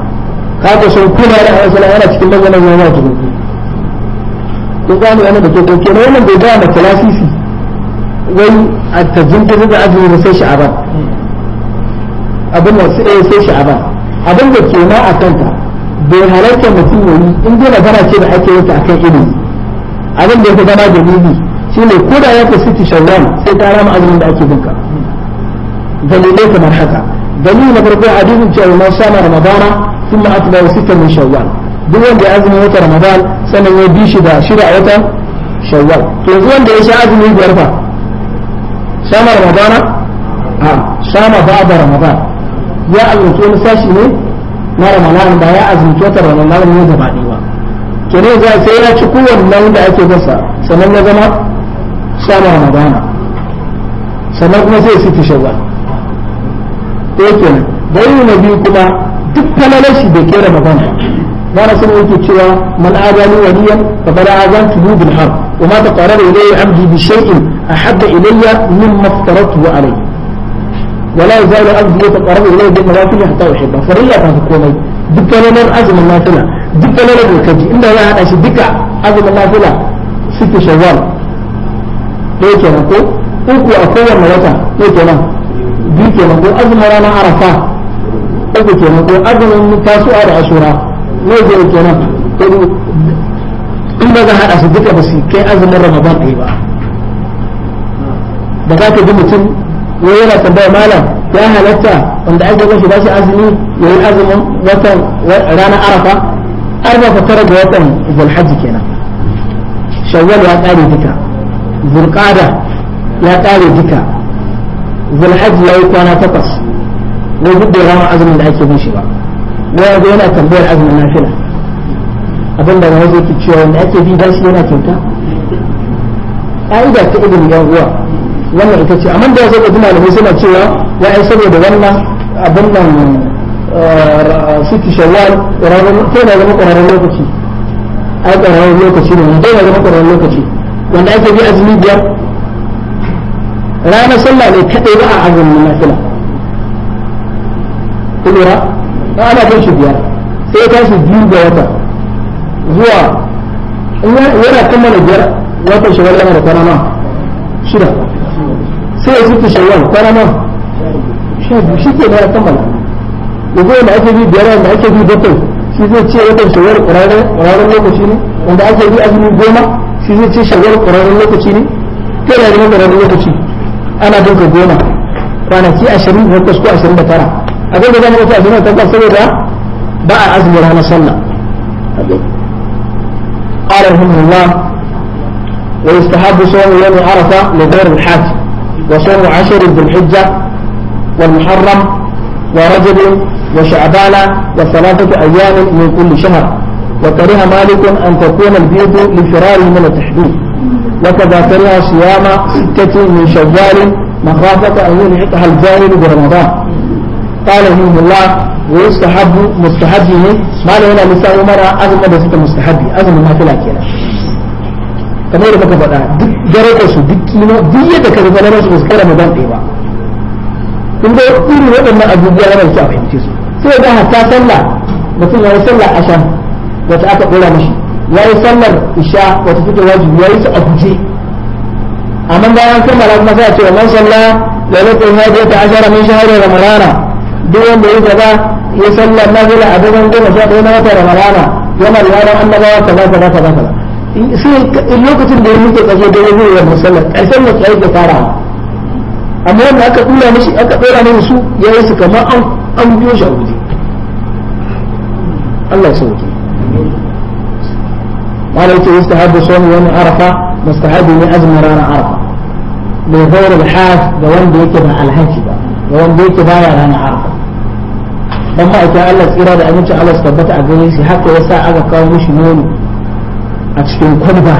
kaga sun kula da Allah sallama yana cikin dangane da wani ko gane yana da ke kenan wannan bai gaya mace lasisi wai a tajin ta zuba azumi ba sai sha'aban abin da sai eh, sai sha'aban abin da ke ma a kanta bai halarta mutum yayi in dai magana ce da ake yanta akan ilimi abin da ya fi zama dalili shine ko da ya fi siti shawwal sai ta rama azumin da ake binka dalilai kamar haka dalili na farko hadisin cewa man sama ramadana thumma atba'u sittan min shawwal duk wanda ya azumi wata ramadan sannan ya bi shi da shida a wata shawwal to yanzu wanda ya sha azumi biyar fa sama ramadana a sama ba ba'da ramadan ya azumci wani sashi ne na ramadan ba ya azumci wata ramadan ne gaba ɗaya ba to ne za sai ya ci kowanne wanda ake gasa sannan ya zama sama ramadana sannan kuma sai su tashawwa to kenan na biyu kuma duk falalar shi bai kai ramadan ما رسول الله كتوا من آذاني وليا فبلا آذان آذنته بالحرب وما تقرب إلي عبدي بشيء أحب إلي مما افترضته علي ولا يزال عبدي يتقرب إلي بالنوافل حتى أحبه فريا تكوني لنا أزم الله فلا النافلة لنا بالكجي إنه لا أنا شدك أزم الله فلا ست شوال ليه كنا كو أكو أكو مرتا ليه كنا دي كنا كو أزم رانا عرفة أكو كنا كو أزم تاسو على عشرة ليس الجنب إن بقى هذا صدقه بس كي أزم إيه مرة ما بقي بقى بقاك دي متن ويلا تنبأ مالا يا هلتا عند عيد الله في باسي أزمي يقول أزم وطن رانا عرفة أربع فترة وطن ذو الحج كينا شوال يا تالي ذكا ذو القادة يا تالي ذكا ذو الحج يا إخوانا تقص ويبدي رانا أزم عند عيد الله ya zo yana tambayar azumin nafila abin da wasu ke cewa wanda ake bi ba bashi yana kyauta ka'ida ta ilimin yan uwa wannan ita ce amma da ya zaba jima da suna cewa ya ai saboda wannan abin nan eh, suki shawwal ƙwararren ko na zama ƙwararren lokaci ai ƙwararren lokaci ne wanda ya zama ƙwararren lokaci wanda ake bi azumi biyar ranar sallah ne kaɗai ba a azumin nafila kulura na ana kai shi biyar sai ya tashi biyu ga wata zuwa yana kammala biyar watan shawar yana da kwana shida sai ya zuta shawar kwana nawa sha biyu shi ke na kammala ya goyi da ake bi biyar da ake bi bakwai shi zai ce watan shawar ƙwararren lokaci ne wanda ake bi azumi goma shi zai ce shawar ƙwararren lokaci ne kai da ne ƙwararren lokaci ana dinka goma kwanaki ashirin da takwas ko ashirin da tara abin da zama mutu ashirin da takwas saboda ba a azumi ranar قال رحمه الله ويستحب صوم يوم عرفة لغير الحاج وصوم عشر ذي الحجة والمحرم ورجب وشعبان وثلاثة أيام من كل شهر وكره مالك أن تكون البيض لفرار من التحديد وكذا كره صيام ستة من شوال مخافة أن يلحقها الجاهل برمضان qala rahimullah wa yustahabu mustahabi ne malam yana lissafi mara azumin da suka mustahabi azumin nafila kenan kamar da muka faɗa duk darajar su duk kima ka zama na su su kara magan ba in dai irin waɗannan abubuwa yana kyau a fahimce su sai ga hatta sallah mutum ya yi sallah a shan wata aka ɗora ya yi sallar isha wata take wajibi ya yi a guje amma bayan kammala kuma sai a ce wa man sallah lailatul hadi ta ashara min shahri ramadana duk wanda ya gaba ya sallar nafila a daren goma sha ɗaya na wata ramadana yana da yaran annabawa kaza kaza kaza kaza sai lokacin da ya muke kaje da yanzu ya musallar ƙarshen da tsaye da farawa amma wanda aka tura mishi aka ɗora mishi su ya yi su kamar an an biyo shi a guje Allah ya sauke قال يتي يستحب صوم يوم عرفة مستحب من أزم رانا عرفة لغير الحاج دوان بيكبه الحج دوان بيكبه رانا عرفة dan ma'aikin Allah tsira da aminci Allah su tabbata a gare shi haka yasa aka kawo mishi nono a cikin kwalba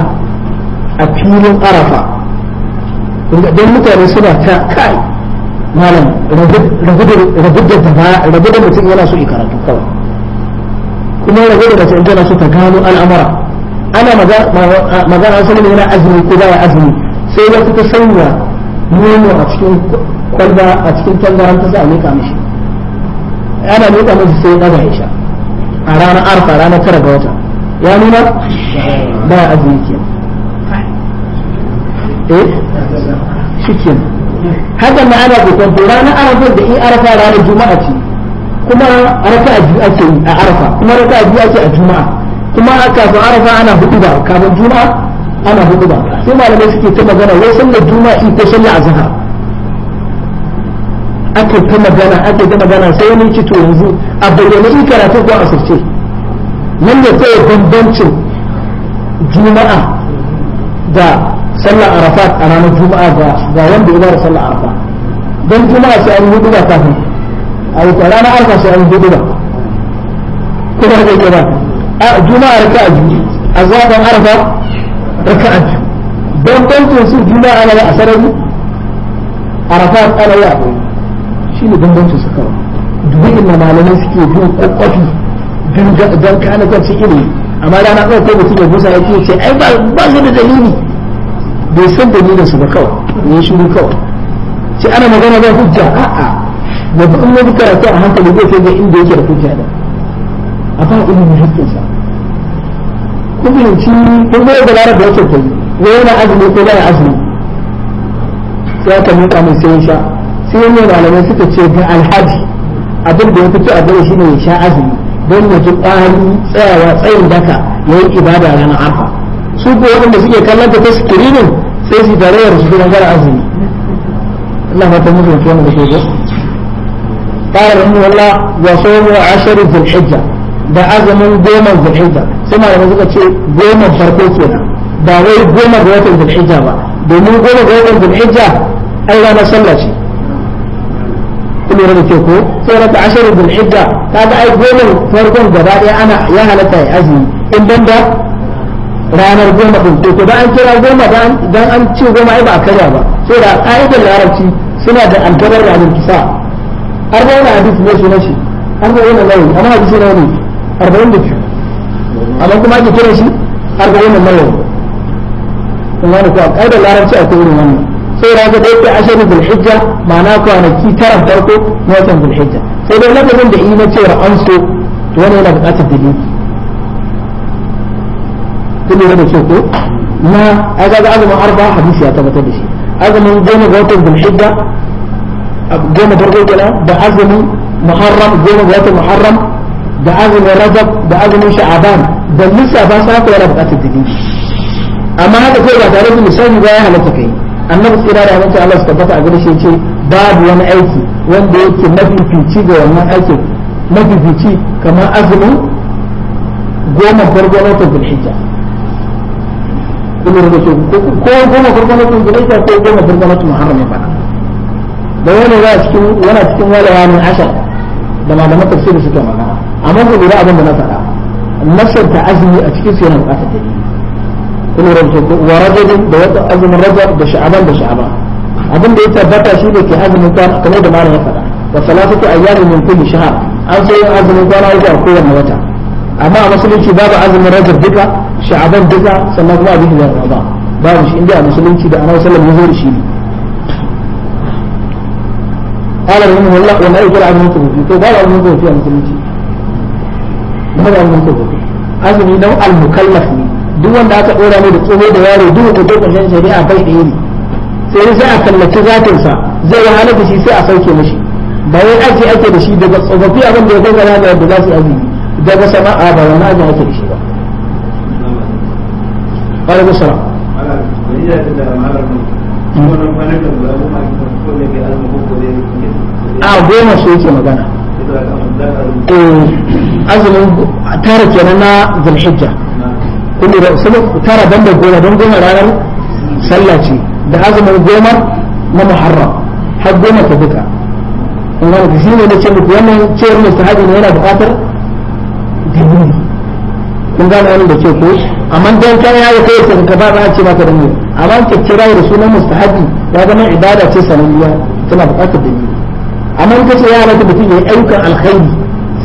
a filin arafa don mutane suna ta kai malam rabu da mutum yana so yi karatu kawai kuma rabu da mutum yana so ta gano al'amura ana magana wasu yana azumi ko baya azumi sai wata ta sanya nono a cikin kwalba a cikin tangaran ta sa a miƙa mishi ana miƙa musu sai ya ɗaga ya sha a ranar arfa ranar tara ga wata ya nuna ba ya azumi ke eh shikin haka na ana kokonto ranar arfa da in arfa ranar juma'a ce kuma arfa a biyu ake a arfa kuma arfa a biyu ake a juma'a kuma a kafin arfa ana hudu ba kafin juma'a ana hudu ba sai malamai suke ta magana wai da juma'a in ko sallar azhar Aka ta magana ake ta magana sai wani ci to yanzu a bayyana shi karatu ko asirce sirce nan ne kawai bambancin juma'a da sallar arafat a ranar juma'a ga wanda ya bada sallar arafat don juma'a sai an yi hudu ba kafin a yi ranar arafa sai an yi hudu ba kuma da ke ba juma'a raka a biyu a zaben arafa raka a biyu bambancin su juma'a ana yi a sarari arafat ana yi a biyu shi ne bambancin su kawo dubi inda malamai suke bin kokofi don kana kwanci ilimi amma rana kawai kai mutum ya busa ya ce ai ba ba su da dalili bai san dalilin su ba kawai ne shiru kawai ce ana magana ba hujja a'a ya fi in yabi karatu a hankali zai kai ga inda yake da hujja da a ba ilimin hakkinsa kun fahimci kun ga da larar da yake kai wai yana azumi ko ba ya azumi sai aka miƙa mai sai sha sai ne malamai suka ce ga alhaji abin da ya fito a gare shi ne ya sha azumi don ya ji ƙwari tsayawa tsayin daka ya yi ibada ranar arfa su ko waɗanda suke kallon ta skirinin sai su tarayyar su gidan gara azumi Allah ta musu da kiyamu da ke ga قال رحمه الله وصوم عشر ذي الحجة da azumin goma zulhijja sai malamai suka ce goma farko kenan ba wai goma ga watan zulhijja ba domin goma ga watan zulhijja ai ranar sallah ce lura da ke ko sai ta ashirin bin idda kaga ai goma farkon gaba ɗaya ana ya halatta ya azumi in ban da ranar goma ɗin to da an kira goma dan an ce goma ai ba a karya ba saboda ka'idar larabci suna da alkabar da abin kisa arba'in hadis ne sunan shi arba'in nawawi amma hadisi nawawi arba'in da biyu amma kuma ake kiran shi arba'in nawawi kuma da ku a ka'idar larabci akwai irin wannan sai da ɗauke ashirin zulhijja ma'ana kwanaki tara farko na watan zulhijja sai dai lafazin da ina cewa an so to wani yana buƙatar dalili kun lura da kyau ko na ai ga azumin arba hadisi ya tabbatar da shi azumin goma ga watan zulhijja goma farko kenan da azumin muharram goma ga watan muharram da azumin rajab da azumin sha'aban da lissa ba sa haka yana buƙatar dalili amma haka kai ba tare da misali ba ya halatta kai annabi tsira da amince Allah su tabbata a gare shi ce babu wani aiki wanda yake mafifici ga wannan aiki mafifici kamar azumin goma farko na tabbul hijja kuma da ko goma farko na tabbul hijja ko goma farko na muharram ba da wani za cikin wani cikin wala yamin ashar da malaman tafsiri suke magana amma ku lura abin da na faɗa nasar da azumi a cikin sunan yana dalili Kun kuma rajab wa rajab da wata azumin rajab da sha'aban da sha'aban abin da ya tabbata shi ne ke azumin kwana kamar da malam ya faɗa wa salatatu ayyamin min kulli shahr an sai azumin kwana uku a kowanne wata amma a musulunci babu azumin rajab duka sha'aban duka sannan kuma abin da ya ba babu shi inda a musulunci da annabi sallallahu alaihi wasallam ya shi ne قال رحمه الله ولا يقول عن المنكر تو قال عن المنكر في المسلمين هذا المنكر أزمي نوع المكلف duk wanda aka dora ne da tsoho da yaro duk da duk ƙarshen shari'a bai ɗaya ne sai sai a kallaci zatinsa zai wahala da shi sai a sauke mashi ba wai aji ake da shi daga tsofaffi abin da ya gangara da yadda za su aji. daga sana'a ba wannan ajin ake da shi ba. Alaikum salam. a goma su yake magana eh, azumin tara kenan na zulhijja kuma da sabon tara ban da goma don gona ranar sallah ce da azumin goma na muharram har goma ta duka in wani da shi ne da ce muku wannan cewar mustahabi ne yana buƙatar dalili kun gane wani da ke ko amma dan kan yawo kai sai ka ba za a ce maka dalili amma ke kira da sunan mustahabi ya zama ibada ce sananniya tana buƙatar dalili amma in kace ya halatta mutum ya yi ayyukan alkhairi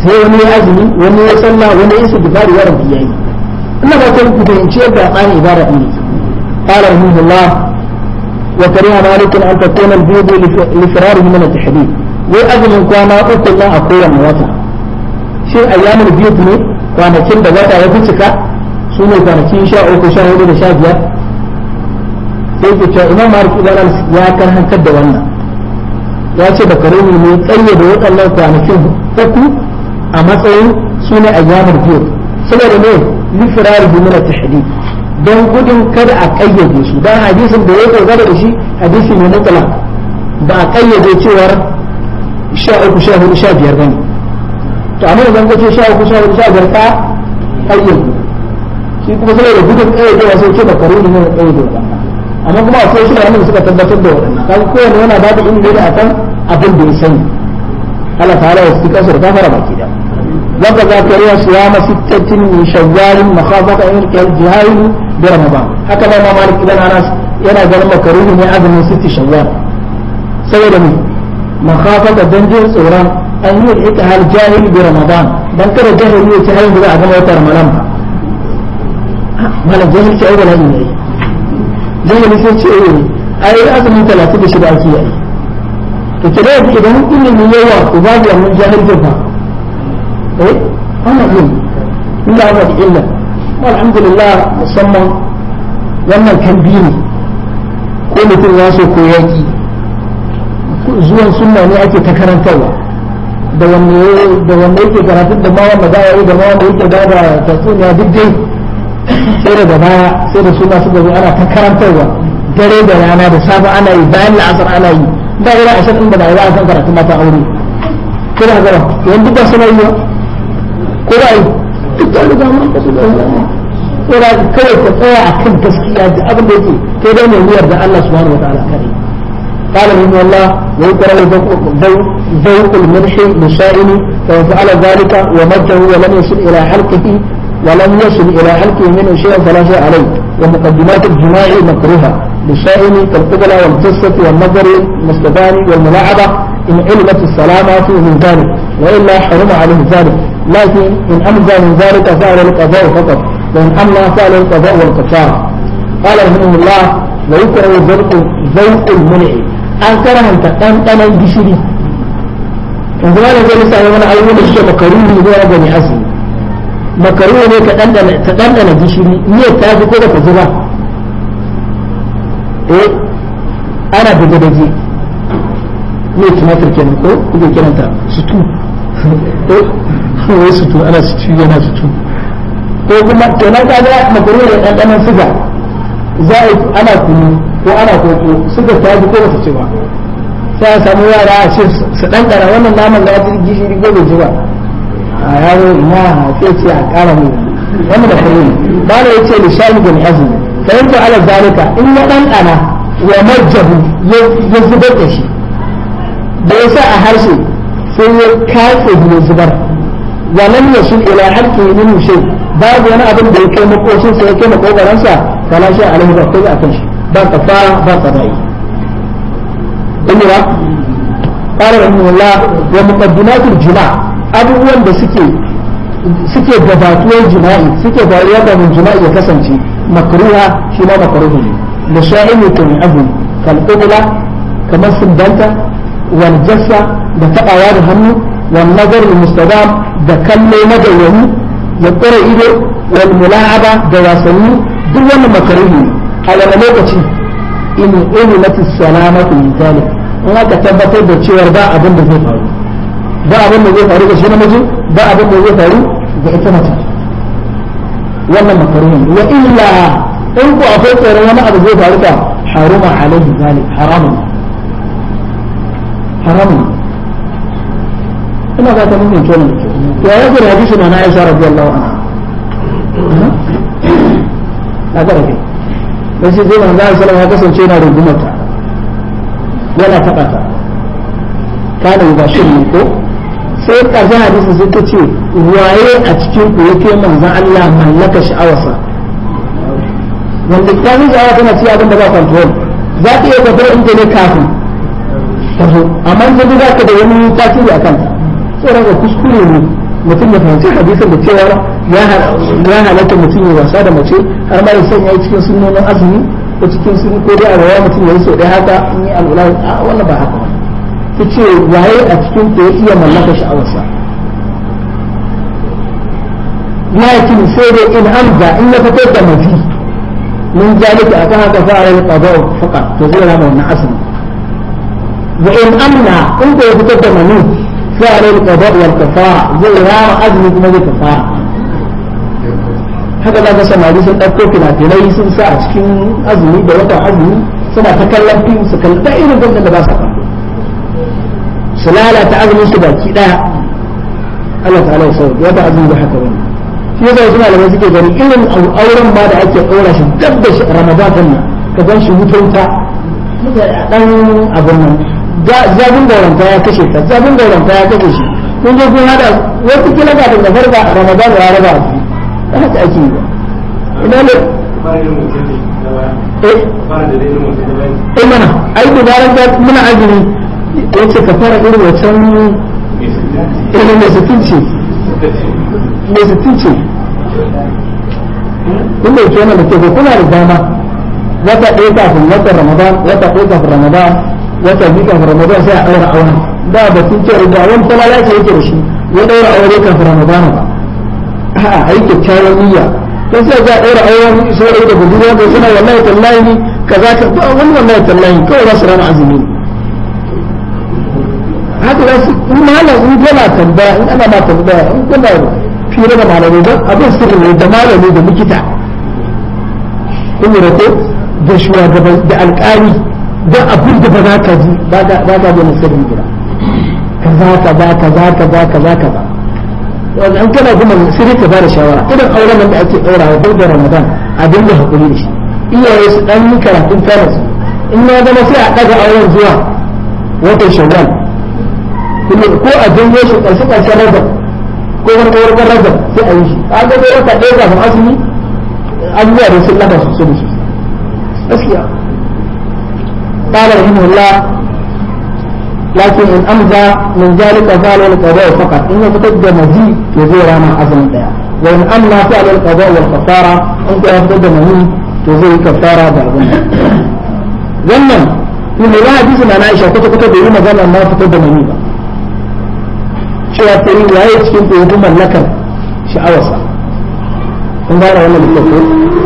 sai wani ya azumi wani ya sallah wani ya istighfar ya rabbi yayi ina ba ta ku fahimci yadda tsarin ibada ɗin قال رحمه الله وكره مالك أن تكون البيض لفراره من التحديد وأجل كان أقول الله أقول موتا شيء أيام البيض ne kwanakin da wata ya fi cika su ne kwanakin sha uku sha da sha biyar sai ke cewa imam malik ibn ya karhantar da wannan ya ce da karimi ne tsayyade waɗannan kwanakin uku a matsayin su ne ayyamar biyar saboda ne lifirar bi mana tahdid don gudun kada a kayyade su dan hadisin da ya dogara da shi hadisi ne mutlaq ba a kayyade cewar sha uku sha hudu sha biyar bane to amma idan ka ce sha uku sha hudu sha biyar ka kayyade shi kuma saboda gudun kayyadewa sai ce ba karu ne ne kayyade ba amma kuma a akwai shi da wanda suka tabbatar da waɗannan kaga kowanne yana ba da ilimi da akan abin da ya sani Allah ta'ala ya su ta fara baki da وقضى كريه صيام ستة من شوال مخافة أن يركع برمضان هكذا ما مالك إذا أنس يرى قال مكروه من أذن ست شوال سيدني مخافة دنجر صوران أن يركعها الجاهل برمضان بل ترى جاهل يتحل بلا عدم وطر ملام مالا جاهل شعور لا يمعي جاهل شعور أي أذن ثلاثة بشبعة أي تتلاقي إذا ممكن أن يوار بعض من جاهل جبهة eh ana yin in da aka illa alhamdulillah musamman wannan kan biyu ne ko mutum ya so ko yaki zuwan sunna ne ake ta karantarwa da wanne da wanne yake karatun da ma wanda da da ma wanda yake da da tatsuniya duk dai sai da baya sai da suna suka zo ana ta karantarwa dare da rana da safe ana yi bayan la'asar ana yi da a shan inda ba za a san karatun mata aure kira ga wanda ba suna yi قرأي تقول ده ما قصد ولا كيف تطيع كم تسكية أبن بيتي كده ما هو ده الله سبحانه وتعالى كريم قال رحمه الله ويقرأ ذوق المرش لسائل ففعل ذلك ومجه ولم يصل إلى حلقه ولم يصل إلى حلقه منه شيء فلا شيء عليه ومقدمات الجماع مكروهة للشائم كالقبلة والجسة والنظر المستدان والملاعبة إن علمت السلامة من ذلك وإلا حرم عليه ذلك لكن إن أمزى من ذلك فعل القضاء فقط وإن أمنى فعل القضاء والكفارة قال رحمه الله ويكره ذوق ذوق المنع أن كره أن تقام أنا بشري da zai sami wani abubuwan da suke makaruni a gani azumi makaruni ne ka ɗanɗana gishiri ne ta fi ko ka zuba eh ana bugu da ne tumatir ko su so wai su ana su ci yana su ci ko kuma to na kaga makaroni da ɗanɗanon suga za a ana kunu ko ana koko suga ta ji ko ba su ci ba sai a samu yara a ce su ɗanɗana wannan naman da ya ji gishiri ko bai ci ba a yaro ina sai ce a ƙara mai wannan makaroni ba na yace da shahidin azumi fahimta ala zalika in ya ɗanɗana wa majjahu ya zubar da shi da ya sa a harshe sai ya katse zubar ولم يصل إلى حلقه منه شيء بعد أنا أبن بيكي مقوصين سيكي مقوغا ننسى فلا شيء عليه بقية أكنش با كفارة با قضائي إني قال رحمه الله ومقدمات الجماع أبوان بسكي suke gabatuwar jima'i suke da yadda mun jima'i ya kasance makruha shi ma makruhu ne da sha'imu tumi'ahu kal qibla kamar sindanta wal da tabawa da hannu wal nazar mustadam da kallo na dawani ya tsara ido wal mula'aba da wasanni duk wani makaruhi a wani lokaci in ulimatis salamatu min zalik da ba abin da zai faru ba abin zai faru da shi ba abin da zai faru da ita mace wannan makaruhin wa illa in ku akwai tsoron wani abu zai faru da haruma alaihi zalik haramun haramun kuma ba ta mun kenan ya ya gura hadisi na Aisha radiyallahu anha na ga rake dan shi zai manzo Allah sallallahu ya kasance yana rungumar ta yana taba ta kana yubashiru ko sai kaza hadisi sai ta ce waye a cikin ku yake manzo Allah mallaka sha'awarsa wanda kanin sha'awa tana ci abin da ba control za ta iya tafiyar inda ne kafin ta zo amma sai za ka da wani tasiri a kanta tsoron ga kuskure ne mutum ya fahimci hadisin da cewa ya halatta mutum ya wasa da mace har ma ya sanya cikin sunonin azumi ko cikin sun ko dai alwala mutum ya yi sau haka in yi alwala wannan ba haka ta ce waye a cikin ta ya iya mallaka sha'awarsa lakin sai dai in hamza in ya fitar da mafi min zalika akan haka fara ya qada'u faqa to zai rama wannan asali wa in amna in ko ya fitar da mafi فعل القضاء والكفارة زي رام أزمي كما زي كفارة haka za ka samari sun ɗauko fina-finai sun sa a cikin azumi da watan azumi suna ta kallon fim su kallon irin gwamnan da ba sa kallo su lalata azumin su baki ɗaya Allah ta'ala ya wata azumi da haka ba shi yasa wasu malamai suke gani irin auren ba da ake ɗaura shi dab da ramadan nan ka a ɗan abin nan zabin gauranta ya kashe ka zabin gauranta ya kashe shi kun je kun hada wata kila ga daga farka a ramadan ya raba su haka ake yi ina ne eh, eh mana ai dubaran da muna azumi yace ka fara irin wancan irin eh, mai sutunci mai sutunci kun da yake wannan da ke kuna da dama wata ɗaya kafin watan ramadan wata ɗaya kafin ramadan wata biyu kafin ramadan sai a ɗaura auren da batun cewa da wani falala ce yake da shi ya ɗaura aure kafin ramadan ba a'a a yi kyakkyawar niyya don sai ga ɗaura auren saurayi da budurwa da suna wallahi tallahi ni kaza ka ba wani wallahi tallahi kawai za su rana azumi haka za su in malam in kana tambaya in ana ma tambaya in kana fira da malamai don abin sirri ne da malami da likita kun yi da shugaban da alƙali don abin da ba za ka ji ba ka ka ba ka kaza ka ba ka za ka ba an kana kuma sai dai ka bada shawara idan auren nan da ake ɗaurawa duk da ramadan a dinga hakuri da shi iyaye su ɗan yi karatun karas in na zama sai a ɗaga auren zuwa watan shawwal ko a dinga shi ƙarshe ƙarshen rajab ko wata warkar rajab sai a yi shi a ga wata ɗaya kafin azumi abubuwa da sun lafa sosai da sosai gaskiya قال رحمه الله لكن إن أمضى من ذلك فعل القضاء فقط إن يتجد مزيد يزير ما أزم وإن أمنى فعل القضاء والكفارة أنت يتجد مزيد يزير كفارة بعضنا ظنا في ملاها جزء من عائشة كنت كنت بيقول مثلا ما تتجد مزيد شو يبتلين وهي تكون تهدوم اللكم شعوصة kun gane wannan da kyau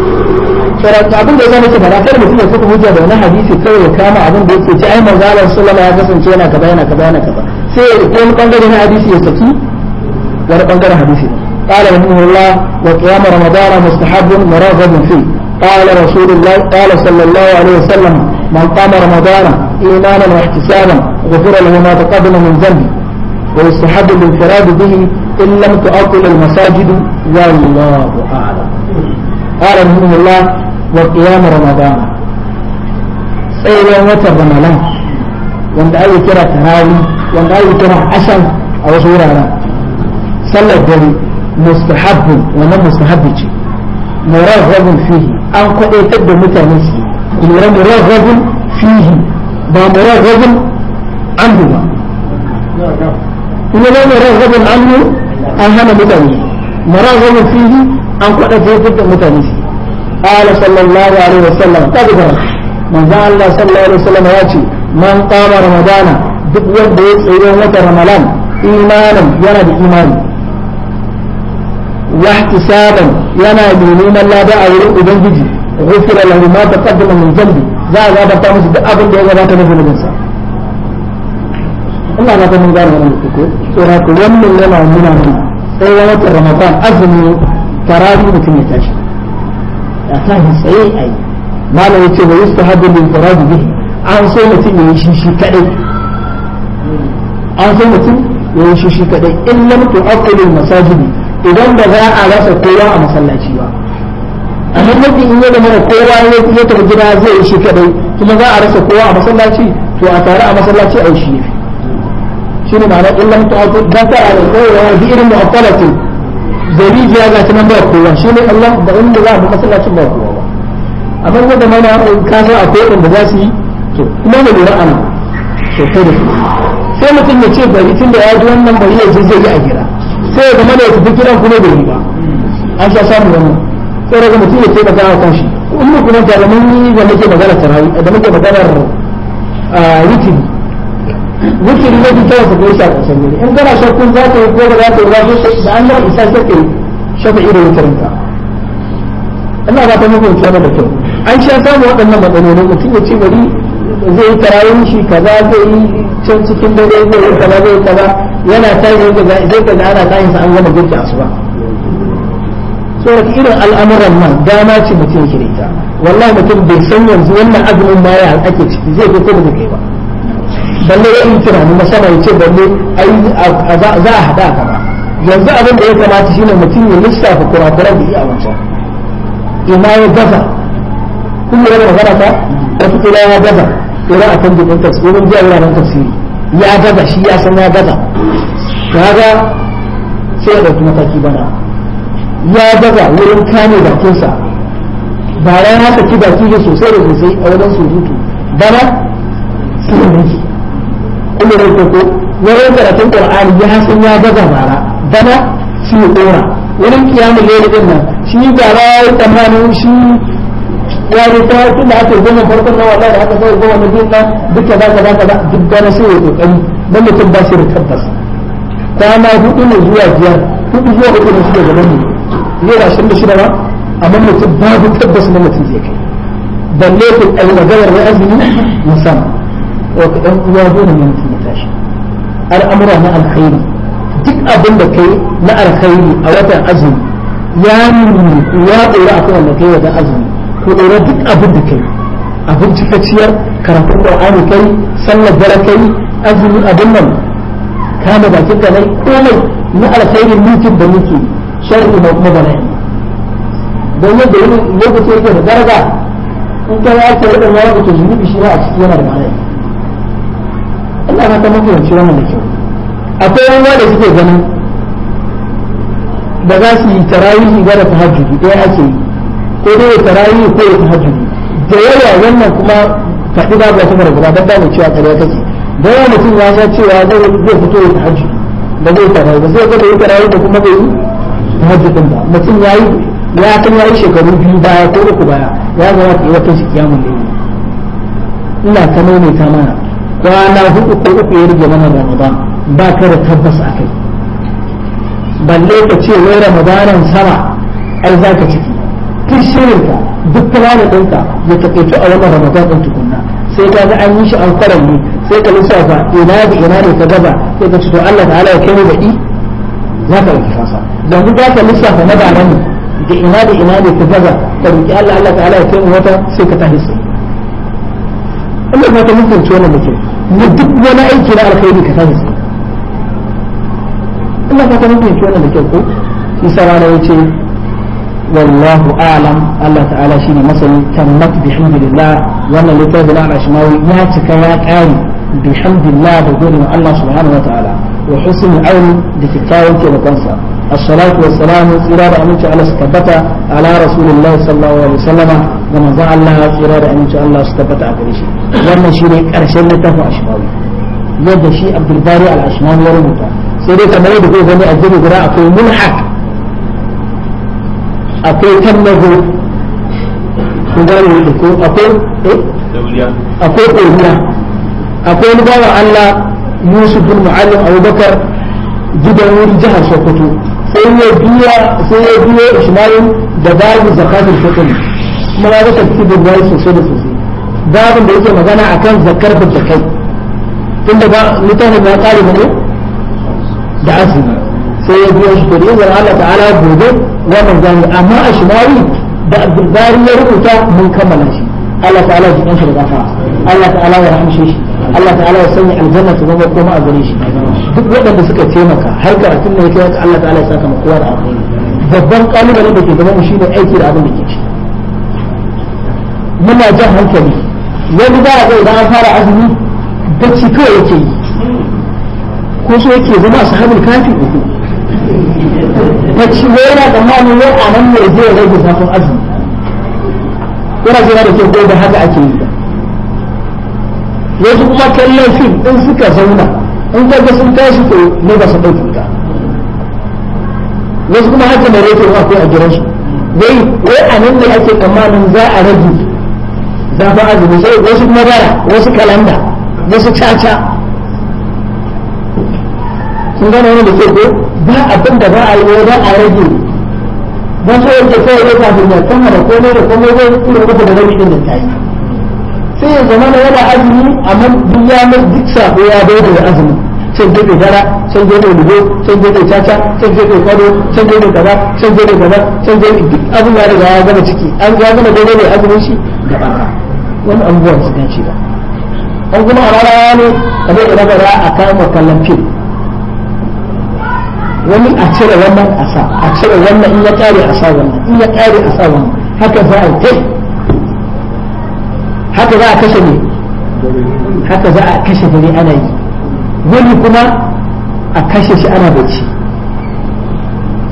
sarauta abin da ya zama ba lafiyar mutum ya suka hujja da wani hadisi kawai ya kama abin da yake ci ai manzo Allah ya kasance yana kaza yana kaza yana kaza sai ko wani bangare na hadisi ya saki wani bangaren hadisi قال رحمه الله وقيام رمضان مستحب مرغب فيه قال رسول الله قال صلى الله عليه وسلم من قام رمضان إيمانا واحتسابا غفر له ما تقدم من ذنبه ويستحب الانفراد به إن لم تؤطل المساجد والله أعلم قال رحمه الله وقيام رمضان tsayuwar watan ramadan wanda ake kira tarawi wanda ake kira ashan a wasu wuraren sallar dare mustahabbun wannan mustahabbi ce murarrabun fihi an kwadaitar da mutane su lura murarrabun fihi ba murarrabun anhu ba kuma ne murarrabun an hana mutane marazan fihi an kwada jefar da mutane shi qala sallallahu alaihi wasallam kadaba manzo Allah sallallahu alaihi wasallam ya ce man qama ramadana duk wanda ya tsere wata ramadan imanin yana da imani واحتسابا ينا يمين الله دا أولو أبنجي غفر له ما تقدم من ذنبي ذا لا بطا مسجد أبن دي ولا تنزل من سا الله لا تنزل من ذلك سورة يمن لنا ومنا منا tsawon watan ramadan azumi tarawih mutum ya tashi ya tashi tsaye a yi malam ya ce wa yusta hadin bin faradu bihi an so mutum ya yi shi shi kadai an so mutum ya yi shi shi kadai in lam tu'aqqil al masajidi idan ba za a rasa kowa a masallaci ba a hannun in ya mana kowa ya tafi gida zai yi shi kadai kuma za a rasa kowa a masallaci to a tare a masallaci a yi shi ne shi ne ma'ana illam ta'atu da ta alƙawari wa bi irin mu'attalatin zarijiya ga ta nan ba kowa shi ne Allah da inda za a bi masallacin ba kowa ba amma wanda mana ka san akwai wanda za su yi to kuma da lura ana to kai da sai mutum ya ce bari tun da ya ji wannan bari ya je zai yi a gida sai ya zama da ya tafi kiran kuma bai yi ba an sha samu wannan sai daga mutum ya taimaka wa kanshi in mu kuma da mun yi da muke magana tarawih da muke magana rukuni ah, wuturi na bita wasu ko sha kusan ne in kana shakkun za ta yi ko ba za ta yi ba da an bar isa sai ka yi shafa irin wuturin ka ina ba ta muku tsara da kyau an sha samu waɗannan matsaloli mutum ya ce bari zai yi tarawih shi kaza zai yi can cikin dare zai yi kaza zai kaza yana tashi zai zai kaza ana tashi sa an gama su ba. saboda irin al'amuran nan dama ce mutum ya kirita wallahi mutum bai san yanzu wannan azumin ma ya ake ciki zai ko ba zai kai ba balle ya yi tunani na sama ya ce balle za a haɗa ka yanzu abin da ya kamata shine mutum ya lissafa kurakuran da iya wancan ina ya gaza kun yi magana ta wata kila ya gaza idan akan dubin tafsirin jiya wuraren tafsiri ya gaza shi ya san ya gaza kaga sai ya ɗauki mataki bana ya gaza wurin kame bakinsa ba ya saki baki sosai da sosai a wajen surutu bana sai ya kun da rinka ko wurin karatun qur'ani ya hasan ya daga bara bana shi ya wurin kiyamul layl din nan shi bara ya shi ya rufa tun da aka goma farkon na wallahi da aka sai goma na biyun duka za ka za ka duk gana sai ya kokari dan mutum ba shi da shi al'amura na alkhairi duk abin da kai na alkhairi a watan azumi ya nuni ya tsoro a kowane kai watan azumi ko tsoro duk abin da kai abinci ka ciyar karatun qur'ani kai sallar dare kai azumi abin nan kama bakin ka nai komai na alkhairin mutum da muke sharri ma kuma bala'i don yadda wani lokaci yake da daraja in ka ya ce wadannan ya ce zunubi shi na a ciki yana da ma'ana kamata mafi yanci wannan da kyau akwai wani da suke ganin ba za su yi tarayi ba da tahajjudi ɗaya ake yi ko dai ya tarayi ko ya tahajjudi da yawa wannan kuma faɗi babu wata fargaba don dama cewa ƙarya take da yawa mutum ya san cewa zai fito ya tahajjudi ba zai tarawihi ba zai ga da ya tarayi da kuma bai yi ta tahajjudin ba mutum ya yi ya kan ya yi shekaru biyu baya ko uku baya ya zama ta yi wata shi kiyamun da ina ta ta mana kwana hudu ko uku ya rage mana ramadan ba ka da tabbas a kai balle ka ce wai ramadanan sama ai za ka ciki tun shirinka duk kalamin ɗinka ya taƙaito a wannan ramadan ɗin tukunna sai ka ga an yi shi an kwaran ne sai ka lissafa ina da ina ne ka gaba sai ka ce to Allah ta'ala ya kai da i za ka ɗauki fasa yanzu za ka lissafa na ba ne da ina da ina ne ka gaba ka roƙi Allah Allah ta'ala ya kai wata sai ka tashi Allah ba ta mutunce wannan mutum na duk wani aiki na alkhairi ka sani sai Allah ba ta mutunce wannan da kyau ko isa na yace wallahu a'lam Allah ta'ala shine masani tammat bihamdillah wannan littafin na Ashmawi ya cika ya kare bihamdillah da gode wa Allah subhanahu wa ta'ala wa husnul auni da da kansa. الصلاة والسلام سيرا أن شاء الله استبتا على رسول الله صلى الله عليه وسلم ومن زع الله سيرا أن شاء الله استبتا أكريش وانا شيري أرسلنا تفو أشماوي يد شيء عبد الباري الأشماوي ورمتا سيري كما يدكو غني أجل قراء أكوي ملحق أكوي كنه مداري يدكو أكوي إيه أكوي أولياء أكوي نبارا الله يوسف بن معلم أبو بكر gidan wuri jihar Sokoto sai ya biya sai ya biya ishmail da babu zakatul fitr kuma na ga tafsirin yayi sosai da sosai babin da yake magana akan zakar da kai tunda ba mutane ba kare ne da azumi sai ya biya shi da izar Allah ta'ala gobe wannan zani amma ishmail da abdul bari ya rubuta mun kammala shi Allah ta'ala ya kanshi da gafa Allah ta'ala ya rahmshe shi Allah ta'ala ya sanya aljanna ta zama koma a gare shi duk waɗanda suka taimaka har karatun ne kai wata Allah ta'ala ya saka mu kowa da alheri babban kalubalen da ke gaban mu shine aiki da abin da ke ci muna jan hankali wani ba ga idan an fara azumi bacci kawai yake yi ko so yake zama sahabul kafi uku bacci wai na da mani wai a nan ne zai rage zafin azumi yana zai da ke ko da haka ake yi wasu kuma kallon fim in suka zauna in kaga sun tashi to ne ba su ɗauki ta wasu kuma haka na rete ma akwai a su wai wai a nan ake tsammanin za a rage zafin azumi sai wasu kuma wasu kalanda wasu caca sun gane wani da ke ko ba abin da ba a yi wai a rage ba su yanke kawai ya kafin ya kama da komai da komai zai kuma rufe da rabi ɗin da ta yi sai ya zama na yana azumi amma duk ya mai duk ya daina da azumi can gefe gara can gefe lugo can gefe caca can gefe kwado can gefe kaza can gefe gaba can gefe duk abin ya riga ya gama ciki an ya gama dole da azumin shi gaba wani abubuwan su ba an kuma a rana ne kamar da a kama kallon wani a cire wannan asa a cire wannan in ya kare asa wannan in ya kare wannan haka za a yi haka za a kashe ne haka za a kashe dare ana yi wani kuma a kashe shi ana bacci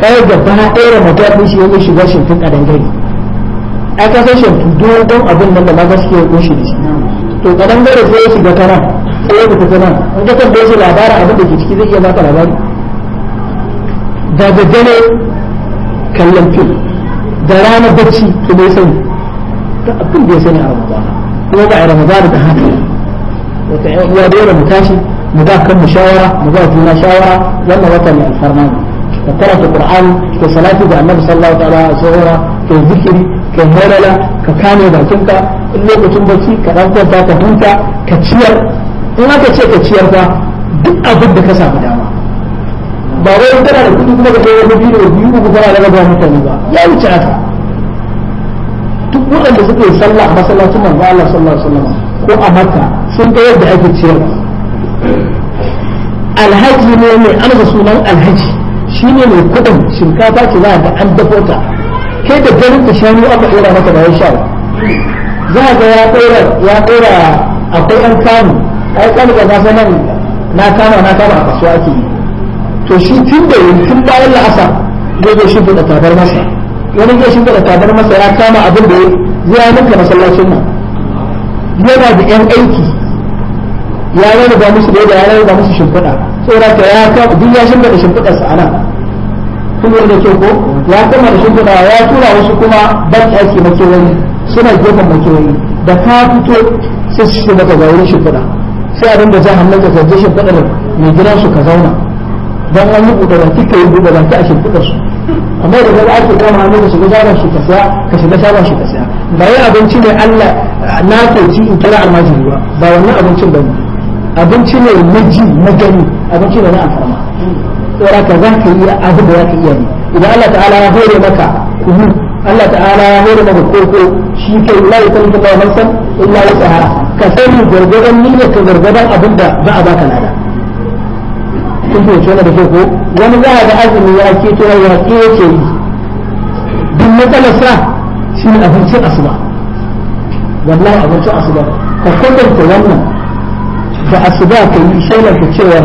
kai gaba ɗaya ramadan ɗin shi yanzu shiga shintun a gari ai ka san shintu dogon abin nan da maza suke yi kunshi da shi to ƙadan gari sai ya shiga tara sai ya fita tana in ka tambaye shi labarin abin da ke ciki zai iya baka labari da daddare kallon fil da rana bacci to bai sani ta abin da ya sani a ramadan kuma ba a ramadana da haka wata yan uwa dole mu tashi mu ba kan mu shawara mu ba juna shawara wannan wata mai alfarma ne ka karanta qur'ani ka salati ga annabi sallallahu ta'ala alaihi wasallam ka zikiri ka halala ka kame bakinka in lokacin bacci ka dan kwanta ka huta ka ciyar in aka ce ka ciyar fa duk abin da ka samu dama ba wai kana da kuɗi kuma ka kai wani biyu biyu ko kana ba mutane ba ya wuce haka duk waɗanda suka yi sallah a masallacin manzo Allah sallallahu alaihi wasallam ko a Makka sun ga yadda ake cewa alhaji ne mai amsa sunan alhaji shine mai kuɗin shinkafa ce za ga an dafo ta kai da garin ta shanu aka ɗora masa bayan sha za ga ya ɗora ya ɗora akwai ɗan kanu ai kanu ga gasa nan na kama na kama a kasuwa ake yi to shi tun da tun bayan la'asa zai shi buɗe tabar masa wani zai shiga da tabar masa ya kama abin da ya ninka masallacin nan yana da yan aiki ya ba musu da ya ba musu shimfiɗa saboda ta ya kama duk ya shiga da shimfiɗarsa a nan yi da kyau ko ya kama da shimfiɗa ya tura wasu kuma ban aiki makewayi suna gefen makewayi da ka fito sai su shiga ka zaure shimfiɗa sai a dinga jahannan ka zaje shimfiɗar mai gidansu ka zauna don an yi buɗe baki ka yi buɗe baki a shimfiɗarsu amma da gaba ake kama hannu ka shiga shagon shi ka saya ka shiga shagon shi ka saya ba yi abinci ne Allah na koci in kira almajiri ba ba wannan abincin ba ne abinci ne na ji na gani abinci ne na alfarma tsora ka za ka iya abin da za ka iya ne idan Allah ta'ala ya hore maka kuhu Allah ta'ala ya hore maka koko shi kai la yusallu Allahu san illa wusaha ka sani gurgurdan niyyar ka gurgurdan abin da za a baka lada fahimci wani da ke ko wani za a ga azumi ya ke to ya ke yake yi duk matsalar sa shi ne abincin asuba wallahi abincin asuba ka kwatanta wannan da asuba ka yi shailar ka cewa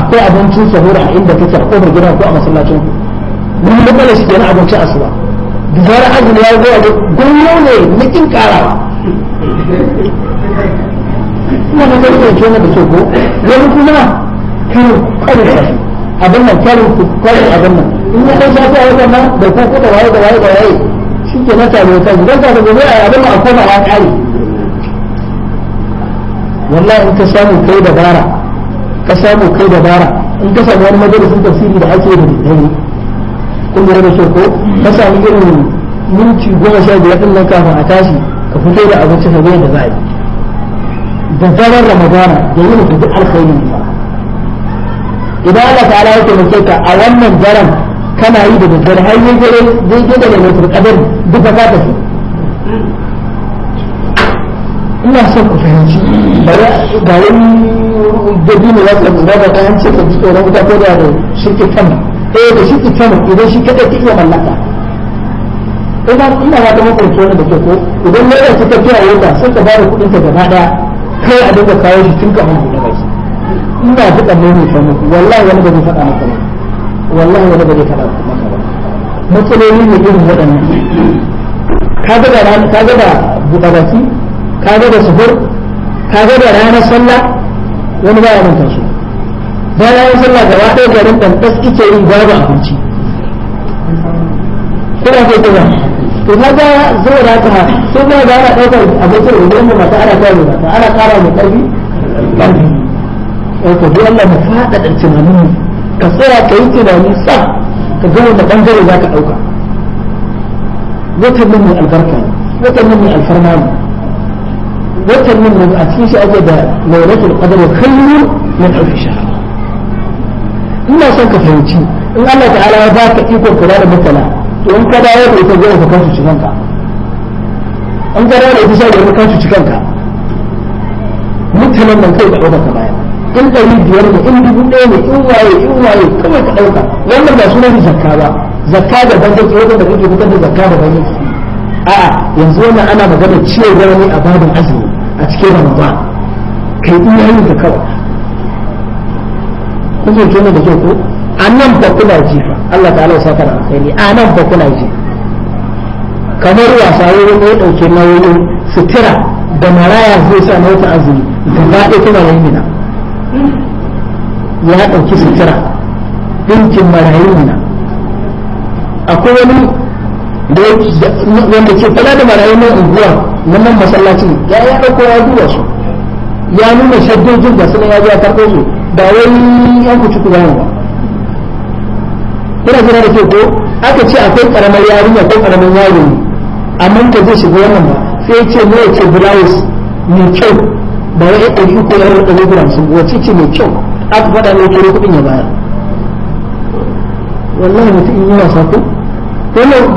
akwai abincin sahur a inda kake ko da gida ko a masallacin ku wani matsalar shi kenan abincin asuba da zarar azumi ya zo a ga gwamnati ne na kin karawa kuma na zai ke da ke ko wani kuma karin kwarin kashi abin nan karin kwarin abin nan in ya kai shafi a wajen nan da ko kuka waye da waye da waye shi ke nata mai kai idan ka gobe a abin nan a koma ya kare wallahi in ka samu kai dabara ka samu kai dabara in ka samu wani majalisin tafsiri da ake da dare kun lura da ko ka samu irin minti goma sha biyar din nan kafin a tashi ka fito da abinci ka da za a yi da zarar ramadana da yin da duk alkhairi idan Allah ta'ala ya taimake ka a wannan daren kana yi da daddare har yi dare zai gida da lailatul qadar duka ta fi. ina son ku fahimci bare ga wani gobi ne wasu zuba da ta hanci ka ji tsoron wuta ko da shirki kama eh da shirki kama idan shi kada ki iya mallaka ina ina ta kuma kwanto da ke ko idan ne da a yau da, sai ka ba da kudin ka gaba daya kai a dinga kawo shi tun kafin ina duka mai ne sanu wallahi wani ba zai faɗa maka ba wallahi wani ba zai faɗa maka ba matsaloli ne irin waɗannan ka ga da ka ga da buɗa baki ka ga da sufur ka ga da ranar sallah wani ba ya manta su bayan sallah gaba ɗaya garin ɗan ɗas ike yin babu abinci kuna ko kuma to na ga zuwa da ta sai ga ana ɗaukar abincin da wani mata ana kawo mata ana ƙara mai ƙarfi wato duk Allah mu faɗaɗa tunanin ka tsaya ka yi tunani sa ka ga wanda bangare za ka ɗauka watan nan mai albarka ne watan nan mai alfarma ne watan nan a cikin shi ake da lailatul qadr khairu min alf shahr ina son ka fahimci in Allah ta'ala ya ka iko kula da mutala to in ka dawo da ita gaba ka kantu cikin ka in ka dawo da ita sai ka kantu cikin ka mutanen nan kai da ɗaukar ka baya in ɗari biyar da in dubu ɗaya ne in waye in waye kawai ka ɗauka wannan ba sunan zakka ba zakka da ban yake wanda kake fitar da zakka da ban yake a'a yanzu wannan ana magana ciyarwa ne a babin azumi a cikin ramadan kai iya yin ka kawai kun san kenan da ke ko a nan ba kuna jifa Allah ta'ala ya saka da alkhairi a nan ba kuna jifa. kamar wasa wani ya ɗauke nauyin sutura da maraya zai sa na wata azumi gaba ɗaya tana yin mina ya ɗauki sutura ɗinkin marayu na akwai wani wanda ke kula da marayu na unguwa wannan masallacin ya ya ɗauko ya duba su ya nuna shaddojin da suna ya zuwa karɓo su ba wani yan kuci ku zama ba ina jira da ke ko aka ce akwai karamar yarinya ko karamin yaro ne amma ka zai shiga wannan ba sai ce ne ya ce bulawus mai kyau ba wai yan ɗari uku yawon ɗari uku hamsin wacce ce mai kyau aka faɗa mai kere kuɗin ya bayar wallahi mutum in yi wasa ko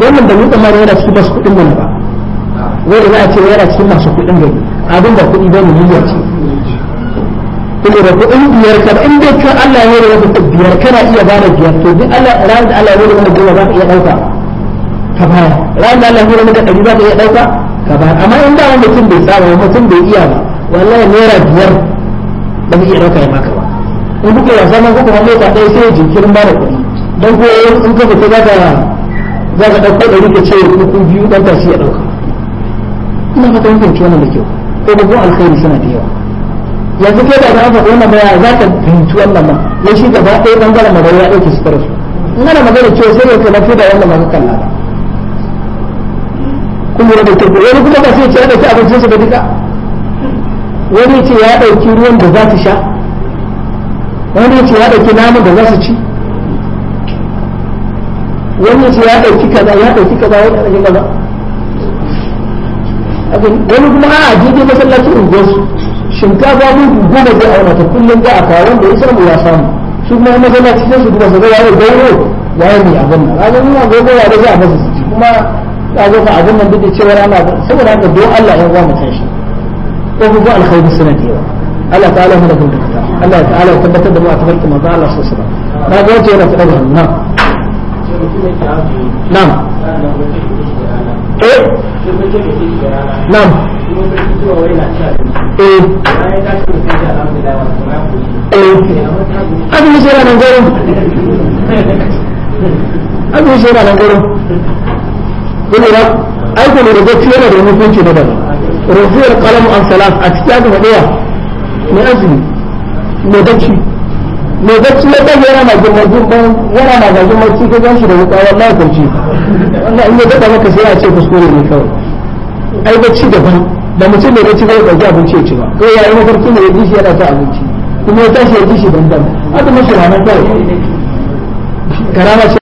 wannan da mutum mara yana cikin masu kuɗin mana ba wai za a ce yana cikin masu kuɗin gari abin da kuɗi ba mu yi ce kuma da kuɗin biyar ka in dai kan Allah ya yi wata biyar kana iya bada biyar to duk Allah ran da Allah ya yi wata goma za ka iya ɗauka ka baya ran da Allah ya yi wata ɗari za ka iya ɗauka ka baya amma in da wani mutum bai tsara mutum bai iya ba wallahi naira biyar ba zai iya ɗauka ya maka ba in kuka wasa ma kuka wani ta ɗaya sai jinkirin ba da kuɗi don ko in ka fita za ka ɗauko ɗari ka ce ku biyu ɗan tasi ya ɗauka ina fata mun fahimci wannan da kyau ko ba ko alkhairi suna da yawa yanzu kai da za ka wannan ba za ka fahimci wannan ma ya shi gaba ɗaya ɓangaren magana ya ɗauke su tarasu in ana magana cewa sai ya taimaki da wannan ma ka kalla ba kun lura da kyau ko wani kuma ba sai ya ce ya ɗauki abincinsa ba duka wani ce ya ɗauki ruwan da za su sha wani ce ya ɗauki naman da za su ci wani ce ya ɗauki kaza ya ɗauki kaza ya ɗauki kaza wani kuma a jirgin masallacin unguwarsu shinkafa mutu goma zai auna ta kullum za a kawo wanda ya samu ya samu su kuma masallacin sai su kuma su ga yayi gauro yi mai abin nan kaga mun gogo ya da za a masa su kuma kaga fa abin nan duk da cewa ana saboda haka don Allah ya gwamnati abubuwa alkhairi suna da yawa Allah ta'ala mu da kun Allah ta'ala ya tabbatar da mu a tafarkin manzo Allah sallallahu alaihi wasallam na ga wace yana fada hannu na nam eh nam abin shi yana nan gurin abin shi yana nan gurin gurin ai ko ne da gaskiya da mutunci na daban rufuwar kalamu an salat a cikin aka faɗiya mai azumi mai bacci mai bacci ya ɗage yana magin magin ban yana magagin gan shi da wuƙa wallahi kwanci wannan in ya daɗa maka sai ya ce kuskure ne kawai ai daban da mutum mai bacci zai ɗauki abinci ya ci ba kawai ya mafarki ya shi yana ta shi dandan